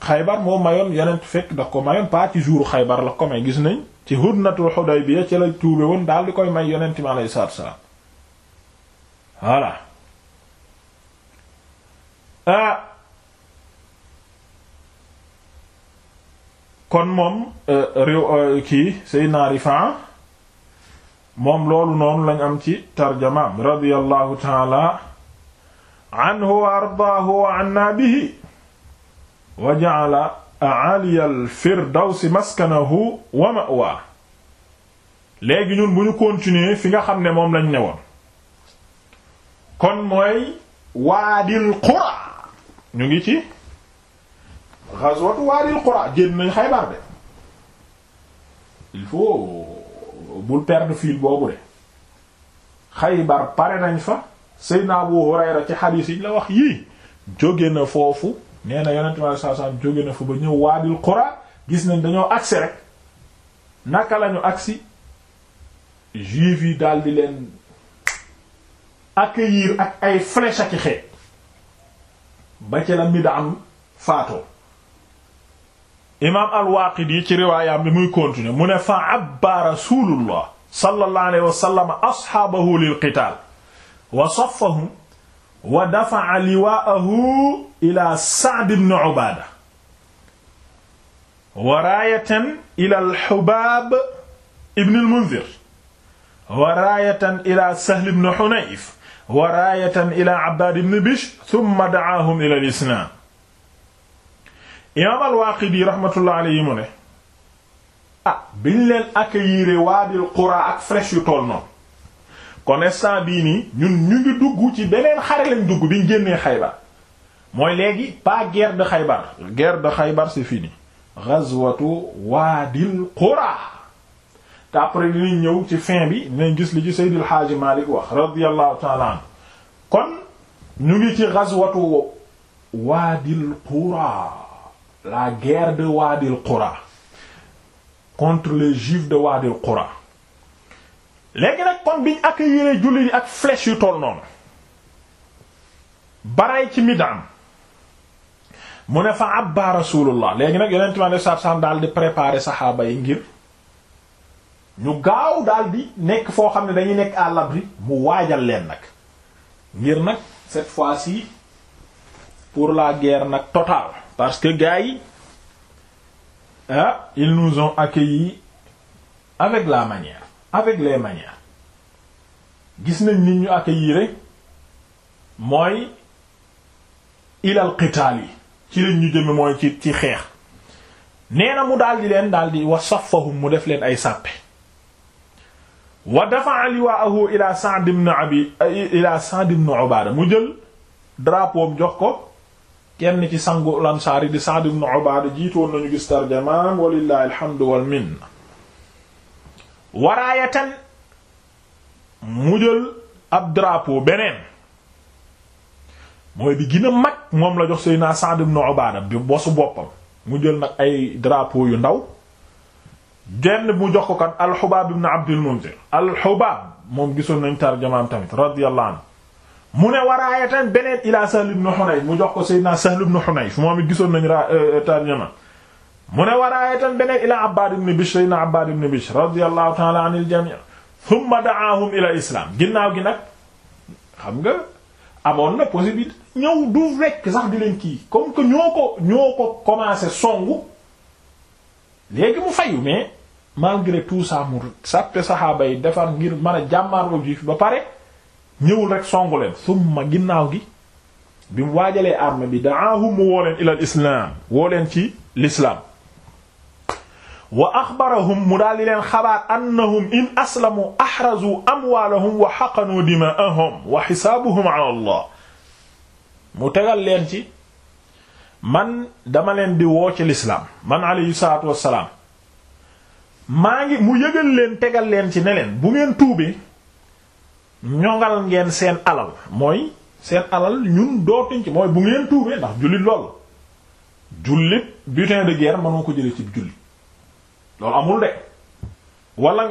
xaybar moo mayoon yeneen fekk daf ko mayoon pas ci jour xaybar la may gis nañ ci hudnatul Hudaybiya ci la tuube woon daal di koy may yonent mi alayhi ah. moom euh, réew euh, loolu noonu lañ am ci tarjamaam radiyallahu taala anhu wa ardaahu wa anna bihi wa ja'ala aliya al-firdawsi maskanahu wa ma'wa léegi ñun bu ñu continuer fi nga xam ne moom lañ newoon kon mooy waadil qura ñu ngi ci ghazwat waadil qura génn nañ Xaybar de il faut bul perdre fil boobu de Xaybar pare nañ fa Seydina Abu Hurayra ci xadiis yi la wax yii jóge na foofu nee na yonent bi saa saa jóge na fa ba ñëw waadil qura gis nañ dañoo agsi rek naka lañu agsi juif yi daal di leen accueillir ak ay flèche ak xeej ba ca la Midam faatoo imaam al-Waaqidi ci riwaayam bi muy continuer mu ne fa abba rasulullah sallallahu alayhi wa sallam ashaabahu lil qitaal wa saffahum wa dafa'a liwaahu ila Sa'd ibn Ubaada wa raayatan ila al-Hubaab ibn al-Mundhir wa raayatan ila Sahl ibn Hunayf wa raayatan ila Abbaad ibn Bishr thumma da'aahum ila al-islaam imaam al-Waaqidi rahmatullahi alayhi mu ne ah biñ leen accueillir Waadil Quraa ak flèche yu toll noonu kon bii nii ñun ñu ngi dugg ci beneen xare lañ dugg biñ génnee Xaybar mooy léegi pas guerre de Xaybar guerre de Xaybar c'est fini ghazwatu Wâdil Qourâ te après dinañ ñëw ci fin bi dinañ gis li ci Seydil Hadji Malick wax radiyallahu ta'ala anhu kon ñu ngi ci ghazwatu Wâdil Qourâ la guerre de Wâdil Qourâ contre les juifs de Wâdil Qourâ léegi nag kon biñ accueillir jullit yi ak flèche yu tool noonu baray ci midam mu ne fa abba rasulullah léegi nag yonent ma ne saab daal di préparer saxaaba yi ngir ñu gaaw daal di nekk foo xam ne dañuy nekk à l'abri mu waajal leen nag ngir nag cette fois si pour la guerre nag totale parce que gars yi ah nous ont accueillis avec la manière avec les manières gis nañ nit ñu accueillir mooy ilal qitaal yi ci lañ ñu jëme mooy ci ci xeex nee na mu daldi leen daldi wa saffahum mu def leen ay sàppe wa dafa'a liwa'ahu ila Sa'd ibn mu jël drapo jox ko kenn ci sangu Ansaar yi di Sa'd ibn Ubaada jiitoon nañu gis tarjamaan walillahi alhamdu wal minna waraayatan mu jël ab drapeau beneen mooy bi gën mag moom la jox Seydina Sa'd ibn Ubaada bi bosu boppam mu jël nag ay drapeau yu ndaw jenn mu jox ko kat al-Hubaab ibn Abdul Munzir al moom gisoon nañ tarjamaam tamit radiyallahu anhu mu ne waraayatan beneen ila Sahl ibn Hunayf mu jox ko Seydina Sahl ibn Hunayf moom it gisoon nañ ra euh, tarjamaam mu ne waraayatan beneen ila Abbaad ibn Bishr ina Abbaad ibn Bishr radiyallahu ta'ala anil jami' thumma da'ahum ila islam ginnaaw gi nag xam nga amoon na possibilité ñëw du rekk sax di leen kii comme que ñoo ko ñoo ko commencé songu léegi mu fayu mais malgré tout ça mu sàppe saxaaba yi defar ngir mën a jàmmaarloo juif ba pare ñëwul rek songu leen summa ginnaaw gi bi mu waajalee arme bi da'ahum mu woo leen ilal islam woo leen ci l'islam wa axbarahum mu daal leen xabaar annahum in aslamu axrazu amwaalahum wa xaqanu dimaa'ahum wa xisaabuhum ala mu tegal leen ci man dama leen di woo ci lislaam man alayhi salaatu wassalaam maa ngi mu yëgal leen tegal leen ci ne leen bu ngeen tuubee ñongal ngeen seen alal mooy seen alal ñun dootuñ ci mooy bu ngeen tuubee ndax jullit loolu jullit butin de guerre mënoo ko jëlee ci jullit loolu amul de wala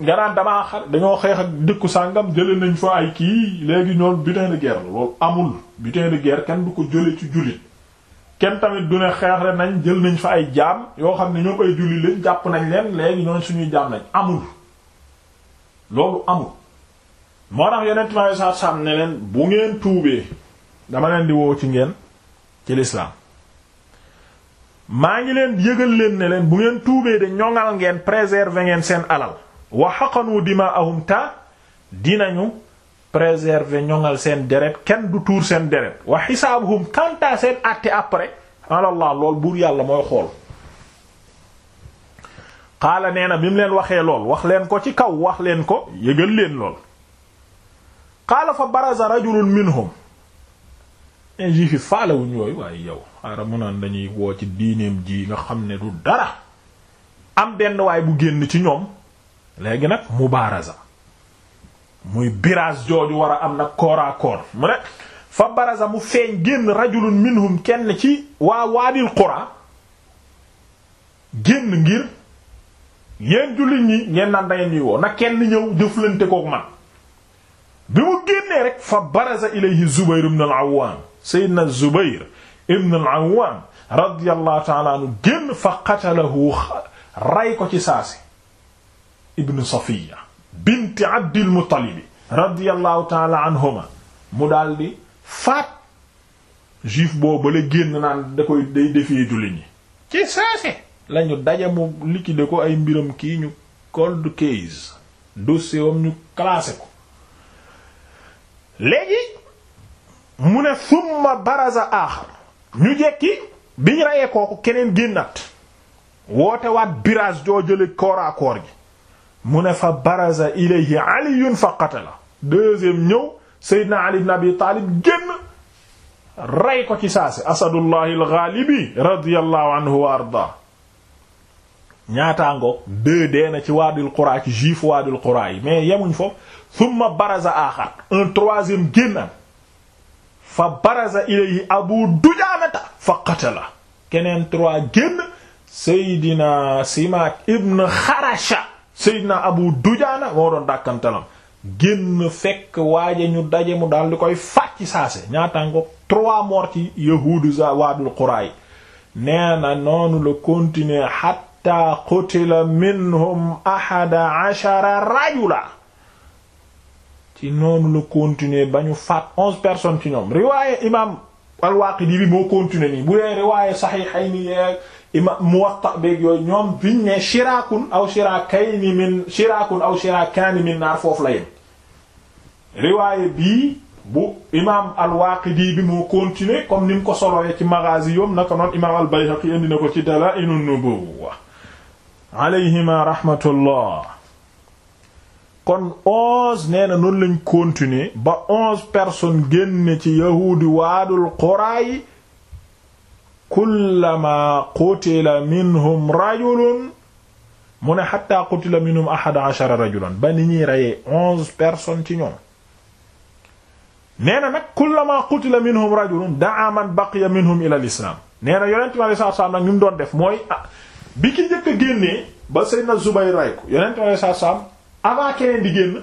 nga naan damaa xar dañoo xeex ak dëkku sàngam jële nañ fa ay kii léegi ñoom butin de loolu amul butin de kenn du ko jële ci jullit kenn tamit du ne xeex rek nañ jël nañ fa ay jaam yoo xam ne ñoom ay jullit lañ jàpp nañ leen léegi ñoom suñuy jaam nañ amul loolu amul moo tax yeneen time ay saat ne bu ngeen tuubee dama leen di woo ci ngeen ci lislaam maa ngi leen yëgal leen ne leen bu ngeen tuubee de ñoŋal ngeen préserver ngeen seen alal wa xaqanu dimaahum ta dinañu préserver ñoŋal seen deret kenn du tuur seen deret wa xisaabuhum kanta seen àtte après alallah lool buur yàlla mooy xool xaala nee na bi leen waxee lool wax leen ko ci kaw wax leen ko yëgal leen lool xaala fa baraza rajulun minhum juif yi faalewuñ yooyu waaye yow xaaral mu naan dañuy woo ci diineem ji nga xam ne du dara am benn waay bu génn ci ñoom léegi nag mubaaraza muy biraas jooju war a am na corps à mu ne fa baraza mu feeñ génn rajulun minhum kenn ci waa waadil qura génn ngir yéen jullit ñi ngeen naan dangeen ñuy woo na kenn ñëw jëflante kook man bi mu génnee rek fa baraza ilayhi Zubayr ibn al-Awwam Seydina Zubayr ibn al-Awwam radiyallahu ta'ala anhu génn fa qatalahu ray ko ci saasi ibn Safiya bint Abdil Muttalib radiyallahu ta'ala anhuma mu daldi faat juif boobu la génn naan da koy day defee julli ñi ci saase lañu daje mu liquider ko ay mbiram kii ñu cold case dossier wam ñu classé ko léegi mu ne summa baraza aaxar ñu jekki bi ñu kooku keneen génnat woote waat biraas joo jële kooraakoor gi mu ne fa baraza ilayhi aliyun fa qatala deuxième ñëw seydina ali ibn abi taalib génn rey ko ci saasi asadullahi algaalibi radiyallahu anhu wa ardaa ñaataango deux dee na ci waadul quraa ci juif waadul quraa yi mais yemuñ foofu summa baraza aaxar un troisième génnat fa baraza ilayhi abu dujaanata fa qatala keneen trois génn seydina simaak ibn xarasha seydina abu dujaana moo doon dàkkantalam génn fekk waaje ñu daje mu daal koy fàcc saase ñaatango trois morts ci yahuudu za waadul quraa yi nee na noonu la continuer hatta qutila minhum ahada rajula ci noonu la continuer ba faat onze personnes ci ñoom riwaaye imaam al-Waaqidi bi moo continuer nii bu dee riwaaye Sahihayni yeeg imaam Muwatta beeg yooyu ñoom biñ ne shiraakun aw shiraakayni min shiraakun aw shiraakaani min naar foofu la riwaaye bii bu imaam al-Waaqidi bi moo continuer comme ni mu ko solowee ci Maghaazi yoom naka noonu imaam al-Bayhaqi na ko ci Dalaa'ilun Nubuwwa alayhima rahmatullah kon onze nee na noonu lañ continuer ba onze personnes génn ci yahuudi waadul quraa yi kullama qutila minhum rajulun mu ne xatta qutila minhum ahad ashara ba ni ñuy reyee onze personnes ci ñoom nee na nag kullama qutila minhum rajulun daa man baqiya minhum ila lislaam nee na yonent bi nag ñu mu doon def mooy ah bi ki ba Seydina Zubayr ray ko yonent bi avant keneen di génn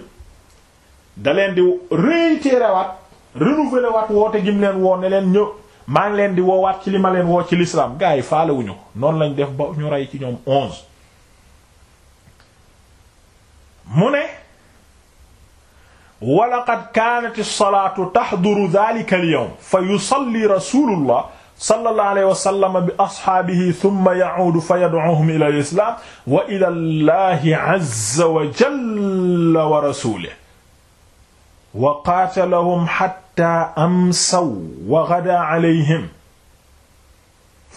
da leen di réitéré waat renouvelé waat woote gi mu leen woo ne leen ñëw maa ngi leen di woowaat ci li ma leen woo ci l'islam gars yi faalewuñu noonu lañu def ba ñu rey ci ñoom onze mu ne wa laqad kaanat as-salaatu tahduru dhalika al-yawm fa yusalli rasulullah sallallahu alayhi wa sallam bi ashaabihi thumma ya'uudu fa yad'uuhum ila al-islaam wa ila allahi azza wa jalla wa rasuulihi wa qaatalahum hatta amsaw wa ghadaa alayhim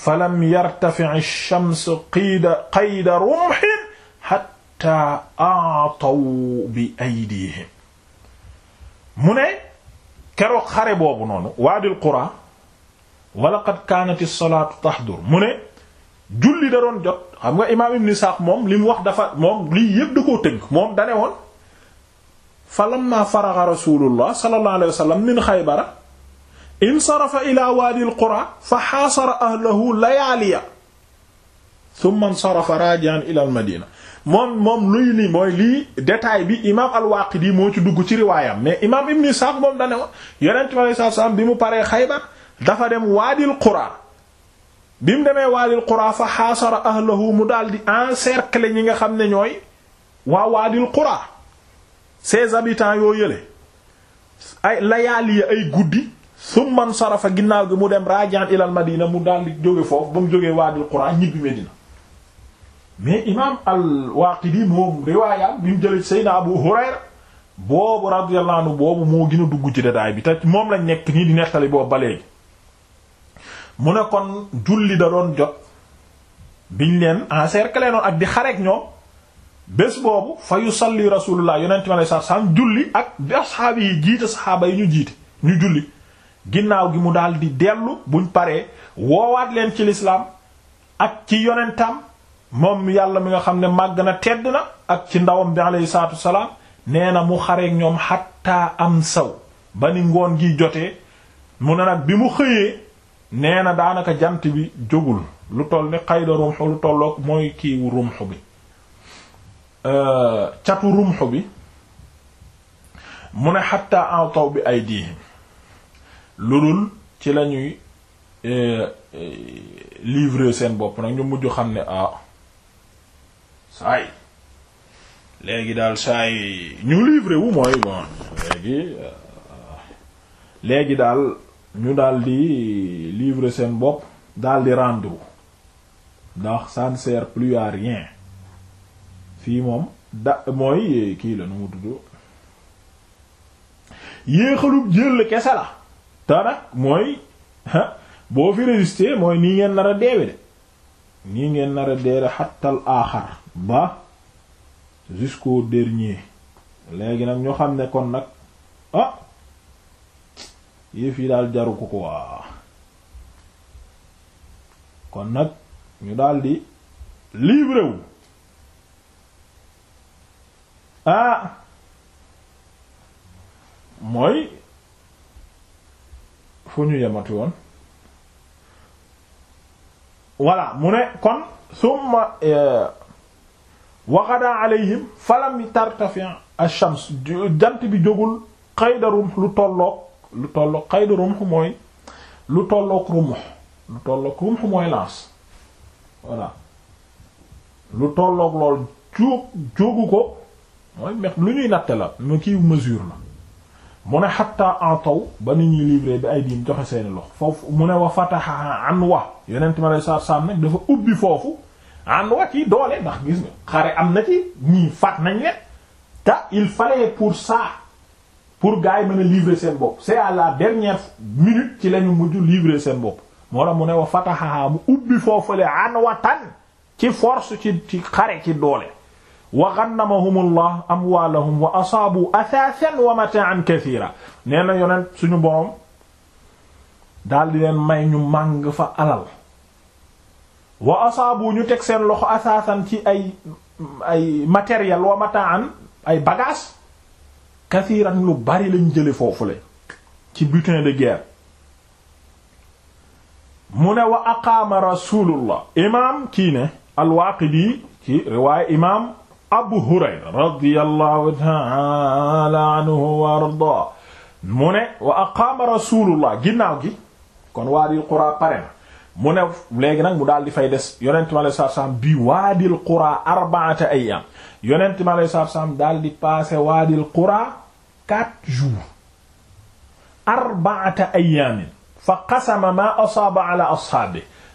falam yartafi ash-shamsu qiida qayda rumhin hatta a'taw bi aydihim mu ne keroog xare boobu noonu Waadil Quraa wala kaana kaanati salaatu tahdur mu ne julli daroon doon jot xam nga imaam ibn Isaaq moom li mu wax dafa moom lii yëpp du koo tënk moom dane woon fa lamma faraga rasulullah sallallahu alayhi wa sallam min xaybara insarafa ila waadi alqura fa xaasara ahlahu layaaliya thumma insarafa raaji'an ila almadina moom luy ni mooy lii détail bi imaam al-Waaqidi moo ci dugg ci riwaayam mais imaam ibn Isaaq moom dane woon yonent bi mu paree xaybar dafa dem waadil qura bi mu demee waadil qura fa xaasara ahlahu mu daal di encercler ñi nga xam ne ñooy waa waadil qura ses habitants yoo yële ay layaali ay guddi summan sarafa ginnaaw gi mu dem rajan ilal madina mu daal di jóge foofu ba mu jógee waadil qura ñibbi Medina mais imaam al-Waaqidi moom riwaayam bi mu jëlee Seydina Abu Hurayra boobu radiyallahu boobu moo gën a dugg ci détail bi te moom lañ nekk nii di nettali boobu ba léegi mu ne kon julli da doon jot biñ leen encercler noonu ak di xareek ñoom bés boobu fa yusalli rasulullah yonent mi alayhi salaam julli ak bi asxaabi yi jiite saxaaba yi ñu jiite ñu julli ginnaaw gi mu daldi dellu buñ paree woowaat leen ci lislaam ak ci yonentam moom yàlla mi nga xam ne màgg na tedd na ak ci ndawam bi alayhi salaatu salaam nee na mu xareek ñoom xatta am saw ba ni ngoon gi jotee mu ne nag bi mu xëyee nee na daanaka jant bi jógul lu toll ni xayda rumx lu tolloog mooy kiiwu rumx bi euh, catu rumx bi mu ne xatta en taw bi ay diihim lu dul ci la ñuy euh, livrer seen bopp nag ñu mujj xam ne ah saay léegi daal saay ñu livrer wu mooy léegi euh, léegi daal ñu daldi di livrer seen bopp daldi di rendre ndax ça plus à rien fii moom da mooy kii la nu mu tudd yéexalub jël kese la te nag mooy boo fi résister mooy nii ngeen nar a deewe de nii ngeen nar a deewe xattal aaxar ba jusqu'au dernier léegi nag ñu xam ne nag ah, yëf yi daal jaru ko quoi kon nag ñu daldi livré wu ah mooy fu ñu yemati woon voilà mu ne kon summa eh, waxadaa alayhim falam tartafi ash-shams jant bi jógul xaydarum lu tolloo lu tolloog xaydu rumx mooy lu tolloog rumx lu tolloog rumx mooy lance voilà lu tolloog lool jóog jógu ko mooy mex lu ñuy natte la mu kii mesure la mu ne xatta en taw ba ni ñuy livré bi ay diim joxe seeni lox foofu mu ne wa fataha an wa yeneen ma lay saar saam dafa ubbi foofu an wa ci doole ndax gis nga xare am na ci ñii faat nañ leen te il fallait pour ça pour gars yi mën a seen bopp c'est à la dernière minute ci lañu ñu mujj livrer seen bopp moo la mu ne wa fatahaha mu ubbi foofale anwatan ci force ci ci xare ci doole wa gannamahumullah amwaalahum wa asaabu athaasan wa mataan kathira nee na yonent suñu borom daal di leen may ñu màng fa alal wa asaabu ñu teg seen loxo athaasan ci ay ay matériel wa mataan ay bagage kasiiran lu bari lañ jële foofule ci butin de guerre mu ne wa aqaama rasulullah imaam kii ne alwaaqidi ci riwaaya imaam abu hurayra radiyallahu taala anhu wa arda mu ginnaaw gi kon waa di qura pare mu ne léegi nag mu daal di fay des yonent mi alayhi salaatu salaam bi waadil qura arba'ata ayyam yonent mi alayhi salaatu salaam daal di passé waadil qura quatre jours arba'ata fa qasama ma asaaba ala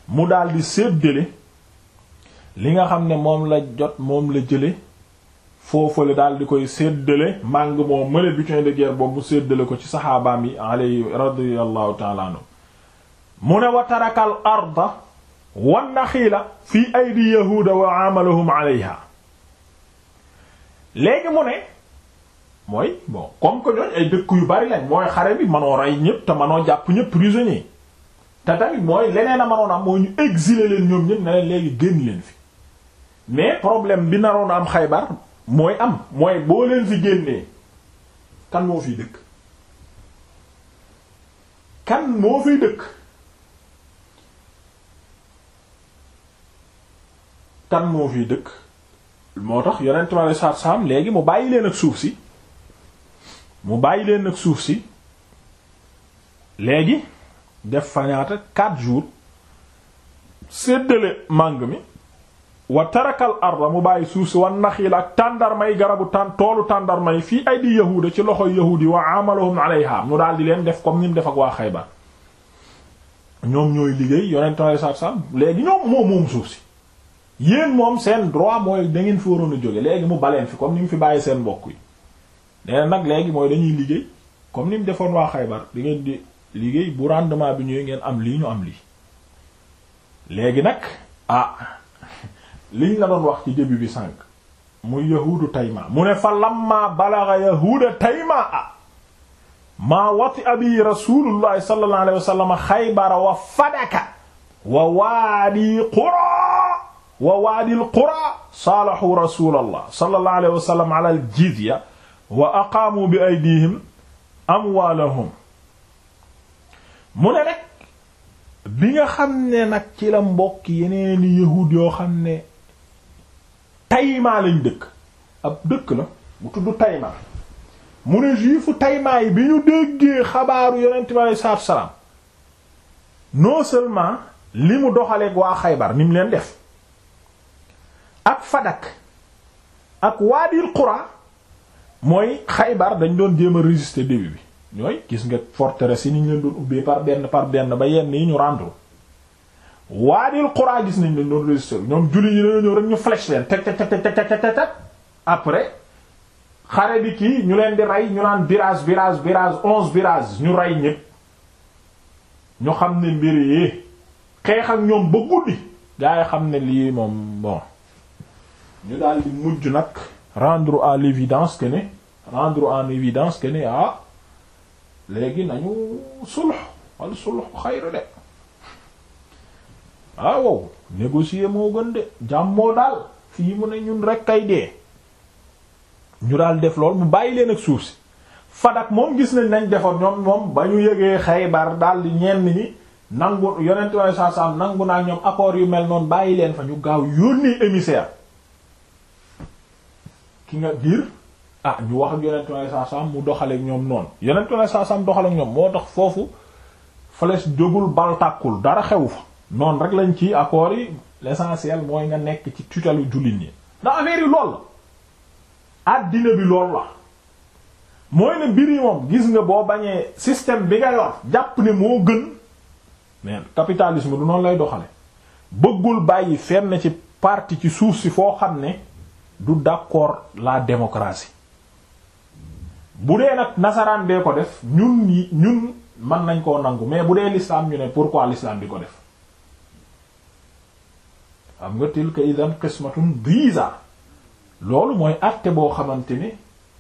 mu daal di séddale li nga xam ne moom la jot moom la jële foofale daal di koy séddale màng moo mëne butin de guerre boobu mu séddale ko ci saxaabaam yi alayhi radiyallahu mu ne wa tarakal arda wan naxiila fii aydi yahuuda wa amalahum alayha léegi mu ne mooy bon comme que ñooñ ay dëkk yu bari lañ mooy xare bi manoo rey ñépp te manoo jàpp ñépp prisonnier te tamit mooy leneen a manoon am moo ñu exiler leen ñoom ñépp ne leen léegi génn leen fi mais problème bi naroon am xaybar mooy am mooy boo leen fi génnee kan moo fiy dëkk kan moo fiy dëkk kan moo fiy dëkk moo tax yonent ma lay saat saam léegi mu bàyyi leen ak suuf si mu bàyyi leen ak suuf si léegi def fañaata quatre jour séddale màng mi wa tarakal arda mu bàyyi suuf si wan naxiil ak tàndarmay garabu tàn toolu tàndarmay fii ay di yahuuda ci loxo yahuudi wa amalahum alayha mu daal di leen def comme ni mu def ak waa Xaybar ñoom ñooy liggéey yonent ma lay saat saam léegi ñoom moom moom suuf si yéen moom seen droit mooy da ngeen fi waroon jóge léegi mu baleen fi comme ni mu fi bàyyi seen mbokk yi nee nag léegi mooy dañuy liggéey comme ni mu defoon waa Xaybar di ngeen di liggéey bu rendement bi ñëwee ngeen am lii ñu am lii léegi nag ah liñ la doon wax ci début bi sànq muy yahuudu tayma mu ne fa lamma balaga yahuuda tayma ah maa wati abi rasulullahi sallallahu alayhi wa sallam xaybara wa fadaka wa waadi qura wa waadil qura saalaxu rasulallah sallallahu alayhi wa sallam ala al bi aydihim nga xam ne nag ci mbokk yeneeni yoo xam ne taymaa lañ dëkk la bu tudd taymaa mu ne juifu taymaa yi bi ñu déggee xabaaru salaam non seulement li mu doxaleeg waa xaybar ni leen def ak Fadak ak Waadil Qura mooy Xaybar dañ doon jéem a résister début bi ñooy gis nga forteresse yi ni ñu leen doon ubbee par benn par benn ba yenn yi ñu rentre Waadil Qura gis nañ lañ doon résister ñoom julli yi dañoo rek ñu flèche leen teg teg teg teg teg après xare bi kii ñu leen di rey ñu naan virage virage virage onze virage ñu ray ñépp ñu xam ne mbir yi xeex ak ñoom ba guddi gaa yi xam ne lii moom bon ñu daal di mujj nag rendre en l'évidence que ne rendre en évidence que ne ah léegi nañu sulh wal sulh xayru de ah wow négocier moo gën de jàmmoo daal fii mu ne ñun rek kay dee ñu daal def lool mu bàyyi leen ak suuf si Fadak moom gis nañ nañ defoon ñoom moom ba ñu yëgee Xaybar daal di ñenn ñi nangu yonent waaye saa nangu naa ñoom accord yu mel noonu bàyyi leen fa ñu gaaw yónnee émissaire. ki nga biir ah ñu wax ak yonentu Yàlla saa mu doxaleek ñoom noonu yonentu Yàlla saa saam doxaleek ñoom moo tax foofu flèche jógul bal dara xewu fa noonu rek lañ ci accord yi l'essentiel mooy nga nekk ci tutelu jullit ñi ndax affaire yi lool la àddina bi lool la mooy ne mbir yi moom gis nga boo bañee système bi nga yor jàpp ne moo gën mais capitalisme du noonu lay doxale bëggul bàyyi fenn ci parti ci suuf si foo xam ne du d'accord la démocratie bu dee nag nasaraan bee ko def ñun yi ñun mën nañ koo nangu mais bu dee l'islam ñu ne pourquoi l'islam bi ko def am nga tilka idan qismatun diza loolu mooy àtte boo xamante ni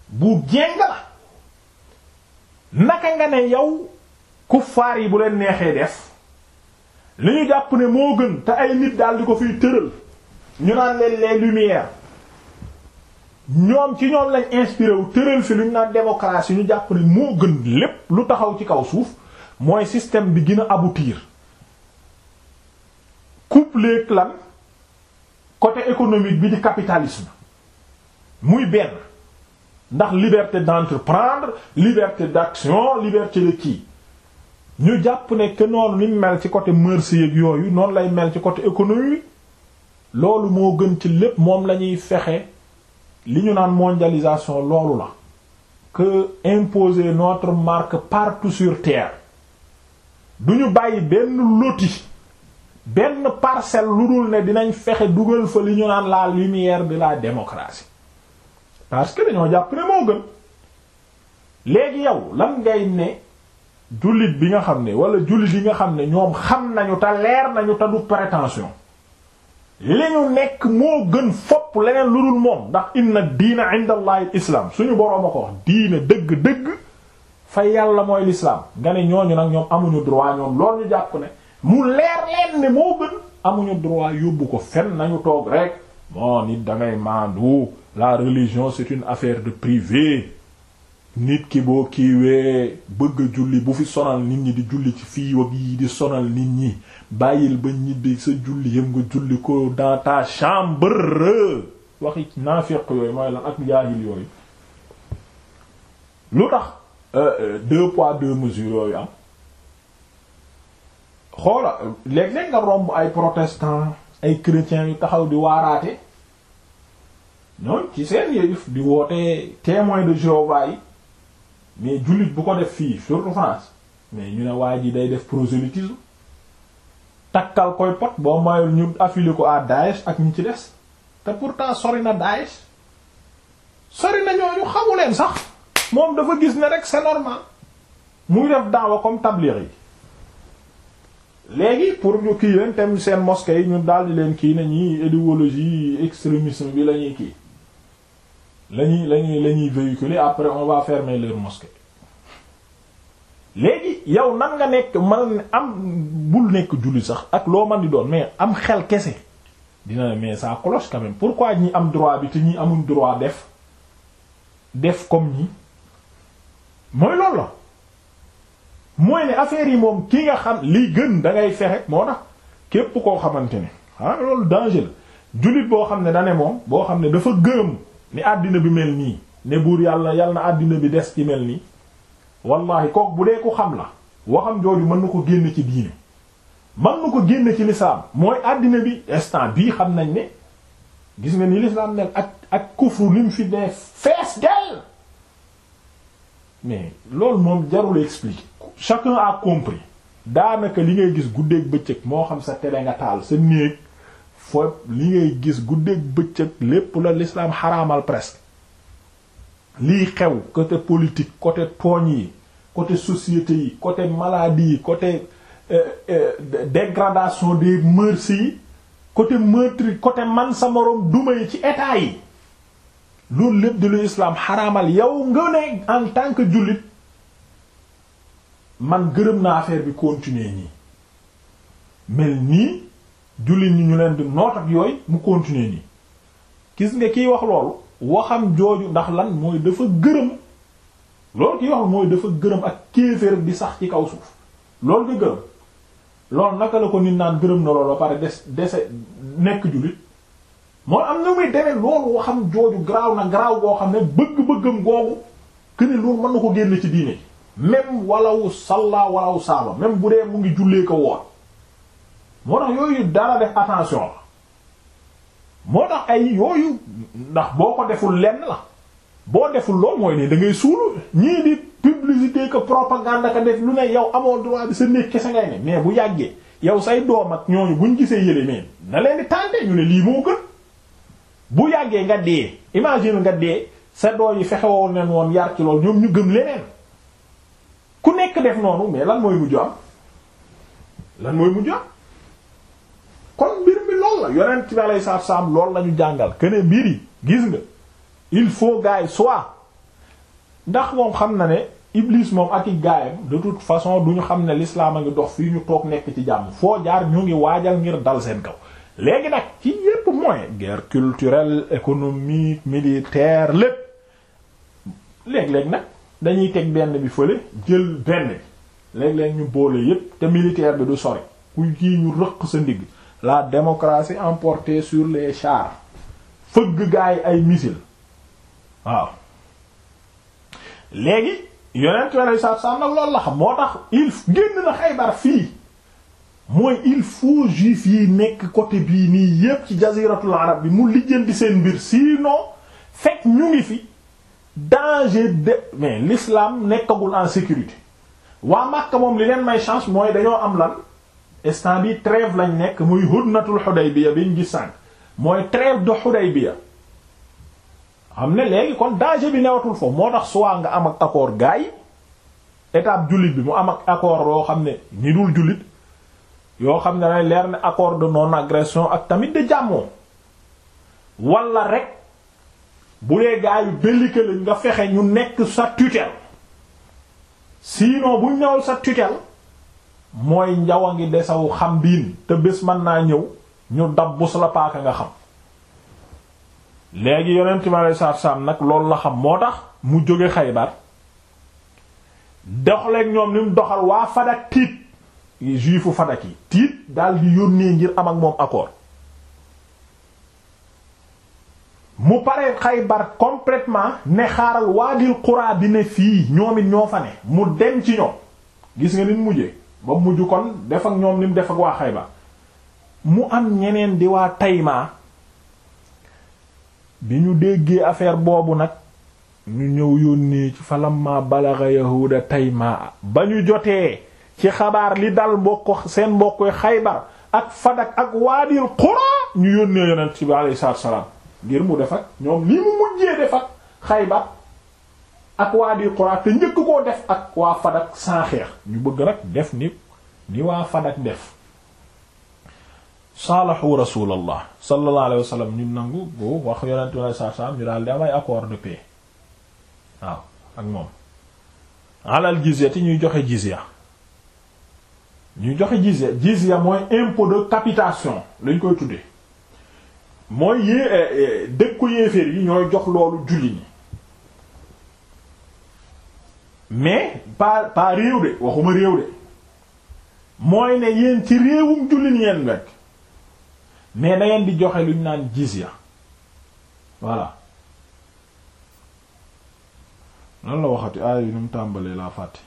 bu jéng la naka nga ne yow kuffaar yi bu leen neexee def li ñu jàpp ne moo gën te ay nit daal ko fiy tëral ñu naan leen les lumières ñoom ci ñoom lañ inspiré wu tëral fi lu ñu naan démocratie ñu jàpp ne moo gën lépp lu taxaw ci kaw suuf mooy système bi gën a aboutir couplé lan côté économique bi di capitalisme muy benn ndax liberté d'entreprendre liberté d'action liberté de kii ñu jàpp ne que noonu liñ mel ci côté mœurs yooyu noonu lay mel ci côté économie loolu moo gën ci lépp moom lañuy fexe li ñu naan mondialisation loolu la que imposer notre marque partout sur terre du ñu bàyyi benn loti benn parcelle lu dul ne dinañ fexe dugal fa li ñu naan la lumière bi la démocratie parce que dañoo jàpp ne moo gën léegi yow lan ngay ne jullit bi nga xam ne wala jullit yi nga xam ne ñoom xam nañu te leer nañu te du prétention li ñu nekk moo gën fopp leneen lu dul moom ndax inna diina inda allahi islam suñu boroom a ko diina dëgg-dëgg fa yàlla mooy l'islam nga ne ñooñu nag ñoom amuñu droit ñoom loolu ñu jàpp ne mu leer leen ne moo gën amuñu droit yóbbu ko fenn nañu toog rek bon nit da ngay maandu la religion c'est une affaire de privé nit ki boo kiiwee bëgg a julli bu fi sonal nit ñi di julli ci fii yi di sonal nit ñi bàyyil ba ñibbi sa julli yam nga julli ko dans ta chambre waxi naafiq yooyu la lan ak jaahil yooyu lu tax euh, euh, deux pois deux mesures yooyu am xoola léeg-léeg nga romb ay protestants ay chrétiens yu taxaw di waaraate ñoon ci seen di woote témoin de Jéhovah yi mais jullit bu ko def fii surtout France mais ñu ne waa ji day def prosélytisme takkal koy pot boo mayul ñu affilié ko à Daesh ak ñu ci des te pourtant sori na Daesh sori na ñooñu xamu leen sax moom dafa gis ne rek c'est normal muy def daawa comme tabligh yi léegi pour ñu kii leen tam seen mosquée yi ñu daldi leen kii ne ñi idéologie extrémisme bi la ñuy kii lañuy lañuy la ñuy véhiculer après on va fermer leur mosquée léegi yow nan nga nekk man am bul nekk julli sax ak loo man di doon mais am xel kese dina ne mais ça cloche pour même pourquoi am droit bi te ñi amuñ droit def def comme ñi mooy loolu la mooy ne affaire yi moom kii nga xam li gën da ngay fexe moo na képp koo xamante ne ah loolu danger la jullit boo xam ne da moom boo xam ne dafa gërëm ni àddina bi mel nii ne buur yàlla yàlla na àddina bi des ci mel nii wallahi kook bu dee ko xam la waxam jooju mën na ko génne ci diine mën na ko génne ci lislaam mooy àddina bi instant bii xam nañ ne gis nga ni lislaam nel ak ak kufru lim fi ne fees del mais loolu moom jarul expliquer chacun a compris daanaka li ngay gis guddeeg bëccëg moo xam sa télé nga taal sa néeg fo li ngay gis guddeeg bëccëg lépp la l'islam xaramal presque lii xew côté politique côté tooñ yi côté société yi côté maladie yi côté euh, euh, dégradation des mœurs yi côté meurtre côté man sa moroom duma yi ci état yi loolu lépp di lu islaam xaraamal yow nga ne en tant que jullit man gërëm naa affaire bi continuer nii mel nii jullit ñi ñu leen di noot yooyu mu continuer nii gis nga kiy wax loolu waxam jooju ndax lan mooy dafa gërëm loolu ki wax mooy dafa gërëm ak kéeféer bi sax ci kaw suuf loolu nga gërëm loolu naka la ko nit naan gërëm na loolu ba pare des dese nekk jullit moo am na muy demee loolu waxam jooju garaaw na garaaw boo xam ne bëgg-bëggam googu que ne loolu mën na ko génn ci diine même walawu salla walawu saaba même bu dee mu ngi jullee ko woon moo tax yooyu dara def attention la moo tax ay yooyu ndax boo ko deful lenn la. boo deful lool mooy ne da ngay suulu ñii di publicité que propagande ka def lu ne yow amoo droit bi sa néeg kese ngay ne mais bu yàggee yow say doom ak ñooñu buñ gisee yële mais na leen di tànte ñu ne lii moo gën bu yàggee nga dee imagine nga dee sa doom yi fexewoo leen woon yar ci lool ñoom ñu gëm leneen ku nekk def noonu mais lan mooy mujj am lan mooy mujj am kon mbir mi lool la yonent bi alayhi salaam lool la ñu jàngal que ne mbir yi gis nga. il faut gars yi soit ndax moom xam na ne Iblis moom ak i gaayam de toute façon duñu xam ne lislaam a ngi dox fii ñu toog nekk ci jàmm foo jaar ñu ngi waajal ngir dal seen kaw léegi nag ci yépp moyen guerre culturelle économique militaire lépp léeg-léeg nag dañuy teg benn bi fële jël benn bi léeg-léeg ñu boole yépp te militaire bi du sori ku kii ñu rëq sa ndigg la démocratie emportée sur les chars fëgg gaay ay missiles waaw léegi yonent yonent saab saab nag loolu la xam moo tax il génn na Xaybar fii mooy il faut juif yi nekk côté bii nii yépp ci jaziratul arab bi mu lijjanti seen mbir noo fekk ñu ngi fi danger de mais l'islam nekkagul en sécurité waa Makka moom li leen may chance mooy dañoo am lan instant bi trêve lañ nekk muy hudnatul Hudaybiya biñ gis sànq mooy trêve de Hudaybiya xam ne léegi kon danger bi newatul foofu moo tax soit nga am ak accord gars yi jullit bi mu am ak accord yoo xam ne ñi dul jullit yoo xam ne day leer ne accord de non agression ak tamit de jàmmoo wala rek bu dee gars yu nga fexe ñu nekk sa tutelle sinon buñ newul sa tutelle mooy njaw a ngi desaw xam diin te bés mën naa ñëw ñu dabbus la paaka nga xam léegi yonent mi aleyhi salaatu salaam nag loolu la xam moo tax mu jóge xaybar doxaleeg ñoom ni mu doxal waa Fadak tiit juifu Fadak yi tiit daal di yónnee ngir am ak moom accord mu paree xaybar complètement ne xaaral waadil xuraa bi ne fii ñoom it ñoo fa ne mu dem ci ñoom gis nga ni mu ba mujj kon defak ñoom ni mu def waa xaybar mu am ñeneen di waa Tayma. bi ñu déggee affaire boobu nag ñu ñëw yónnee ci falamma balaga yahuda taymaa ba ñu jotee ci xabaar li dal mbokk seen mbokk xaybar ak fadak ak waadil qura ñu yónnee yonent bi alayhi salaam ngir mu def ak ñoom li mu mujjee def ak xaybar ak waadil qura te njëkk koo def ak waa fadak sans xeex ñu bëgg nag def ni ni waa fadak def salahu rasulallah sallallahu alayhi wa sallam ñu nangu wax yonentu Yàlla saa saa ñu daal di am ay accord de paix waaw ak moom alal jizya te ñuy joxe jizya ñuy joxe gis jizya mooy impôt de capitation lañ koy tuddee mooy yée eh, eh, dëkku yéeféer yi ñooy jox loolu julli ñi mais pas pas réew de waxuma réew de mooy ne yéen ci réewum julli ñeen rek mais na di joxe luñ naan jizya voilà lan la waxati aaya yi nu mu tàmbalee laa fàtte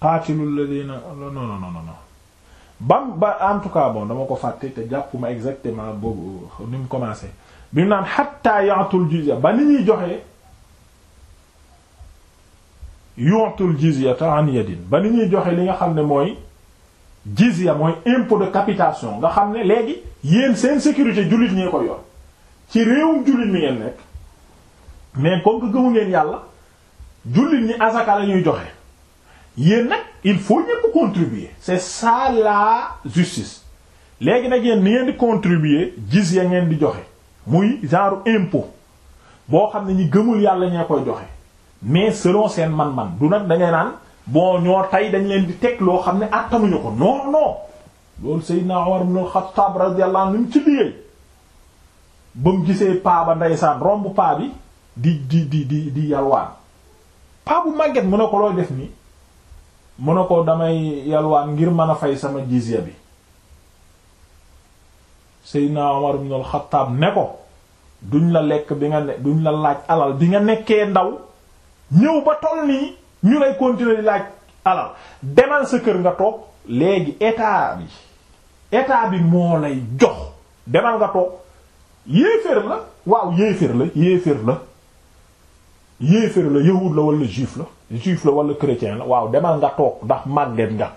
qaatilu ladina non non non non bam ba en tout cas bon dama ko fàtte te jàppuma exactement boobu ni mu commencé bi mu naan xatta yaatul jizya ba ni ñuy joxe yuutul jizyata an yadin ba ni ñuy joxe li nga xam ne mooy jizya mooy impôt de capitation nga xam ne léegi yéen seen sécurité jullit ñee ko yor ci réewum jullit mi ngeen nekk mais comme que gëmu ngeen yàlla jullit ñi asaka la ñuy joxe yéen nag il faut ñëpp contribuer c'est ça la justice léegi nag yéen ni ngeen di contribuer jizya ngeen di joxe muy genre impôt boo xam ne ñi gëmul yàlla ñee koy joxe mais selon seen man-man du nag da naan bon ñoo tey dañ leen di teg loo xam ne attanuñu ko non non loolu Seydina Umar ibn al-Khattab radiyallahu anhu mu ci liggéey ba mu gisee paa ba ndeysaan romb paa bi di di di di di yalwaan paa bu màgget mu ne ko looy def nii mu ne ko damay yalwaan ngir mën a fay sama jizya bi Seydina Umar ibn al-Khattab ne ko duñ la lekk bi nga ne duñ la laaj alal bi nga nekkee ndaw ñëw ba toll nii ñu lay continuer di laaj alal demal sa kër nga toog léegi état bi état bi moo lay jox demal nga toog yéeféer la waaw yéeféer la yéeféer la yéeféer la yahud la wala juif la juif la wala chrétien la waaw demal nga toog ndax màgget nga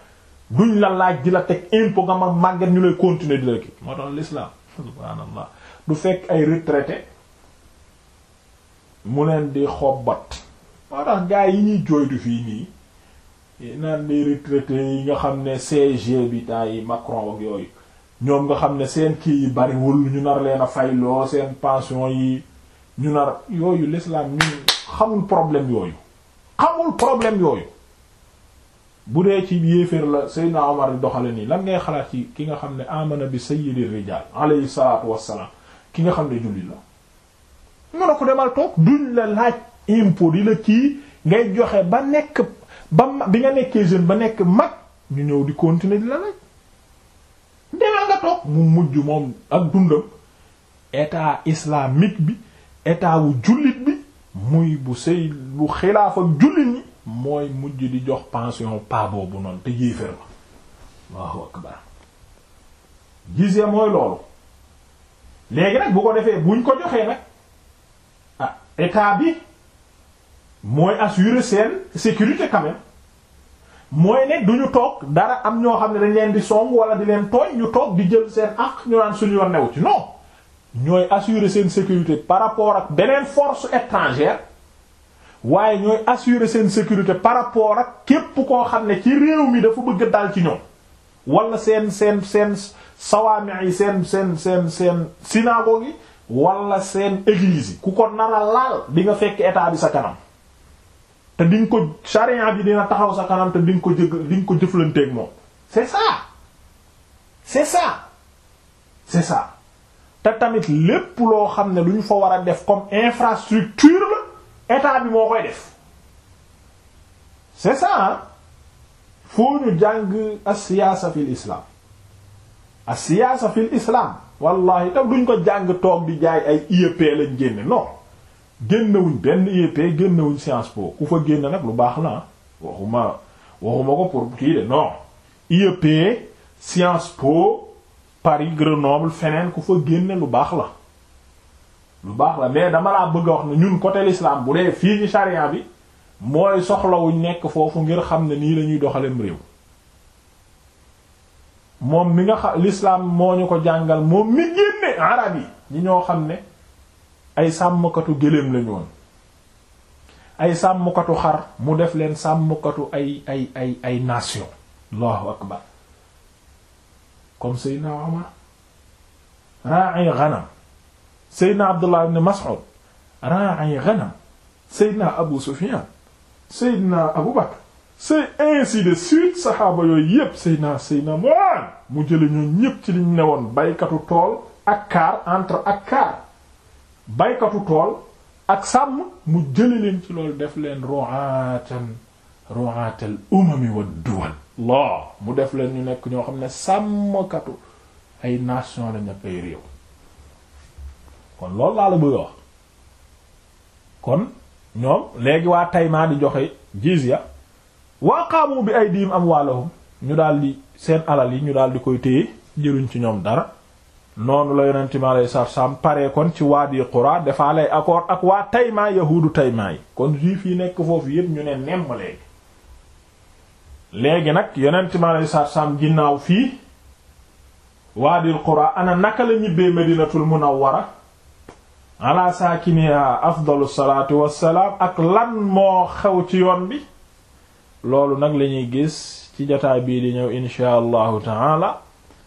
duñ la laaj di la teg impôt nga ma màgget ñu lay continuer di la ki moo tax l'islam subhaanallah du fekk ay retraité mu leen di xobbat moo tax gaa yi ñuy jooytu fii nii naan les retraités yi nga xam ne CG bi temps Macron ak yooyu ñoom nga xam ne seen kii yi bariwul ñu nar leen a fayloo seen pension yi ñu nar yooyu l'islam xamul problème yooyu xamul problème yooyu bu dee ci yéeféer la Seydina Omar di doxale nii lan ngay xalaat ci ki nga xam ne amana bi sayyidi rijal alayhi salaatu wassalaam ki nga xam ne julli la mën a ko demal toog duñ la laaj impôt di la kii ngay joxe ba nekk ba bi nga nekkee jeune ba nekk mag ñu ñëw di continuer di la laaj demal nga toog mu mujj moom ak dundam état islamique bi état wu jullit bi muy bu sëy bu xilaaf ak jullit ñi mooy mujj di jox pension paabo bu noonu te yéefér ma waaw akbar gisee mooy loolu léegi nag bu ko defee buñ ko joxee nag ah état bi mooy assurer seen sécurité quand même mooy ne du ñu toog dara am ñoo xam ne dañ leen di song wala di leen tooñ ñu toog di jël seen ak ñu naan suñu yoon newu ci non ñooy assuré seen sécurité par rapport ak beneen force étrangère waaye ñooy assurer seen sécurité par rapport ak képp koo xam ne ci réew mi dafa bëgg dal ci ñoom wala seen seen seen sawaami yi seen seen seen seen synagogue yi wala seen église yi ku ko nar a laal di nga fekk état bi sa kanam te di ko charia bi dina taxaw sa kanam te di ko jë di nga ko jëflanteeg moom c'est ça c'est ça c'est ça te tamit lépp loo xam ne lu ñu fa war a def comme infrastructure la état bi moo koy def c'est ça foo ñu jàng as-siyaasa fil islam as-siyaasa fil islam wallahi tam duñ ko jàng toog di jaay ay IEP lañ génne non génnewuñ benn IEP génnewuñ Sciences Po ku fa génn nag lu baax la waxuma waxuma ko pour kii de non IEP Sciences Po Paris Grenoble feneen ku fa génne lu baax la lu baax la mais dama laa bëgg a wax na ñun côté l'islam bu dee fii ci charia bi mooy soxlawuñ nekk foofu ngir xam ne nii lañuy ñuy doxalem réew moom mi nga xam l'islam moo ñu ko jàngal moom mi génne arab yi ñi ñoo xam ne ay sàmmkatu géléem lañu woon ay sàmmkatu xar mu def leen sàmmkatu ay ay ay ay nation allahu akbar comme seydna Umar ra'i ghanam seydna Abdullah ibn Mas'ud ra'i ghanam seydna Abu Sufyan seydna Abu Bakr c'est ainsi de suite saxaaba yooyu yépp seydna seydna Mu'adh mu jële ñoo ñépp ci liñ ne woon baykatu tool Akkaar entre Akkaar baykatu tool ak sàmm mu jële leen ci loolu def leen ru'atan ru'atal umami wa duwal laa mu def leen ñu nekk ñoo xam ne sàmm sàmmkatu ay nation lañ ak ay kon loolu laa la bëgg a wax kon ñoom léegi waa Tayma di joxe jizya waa qaamu bi ay diim am waalahum ñu daal di seen alal yi ñu daal di koy téye jëluñ ci ñoom dara noonu la yonent mi alayhi salaatu paree kon ci waadi Qura dafaa lay accord ak waa Tayma yahuudu Tayma yi kon juif yi nekk foofu yépp ñu ne nemm léegi léegi nag yonent mi alayhi salaatu ginnaaw fii waadi Qura ana naka la ñibbee Madinatul Munawwara ala saakiniha afdalu salaatu wassalaam ak lan moo xew ci yoon bi loolu nag lañuy gis ci jotaay bii di ñëw inshaa Allahu taala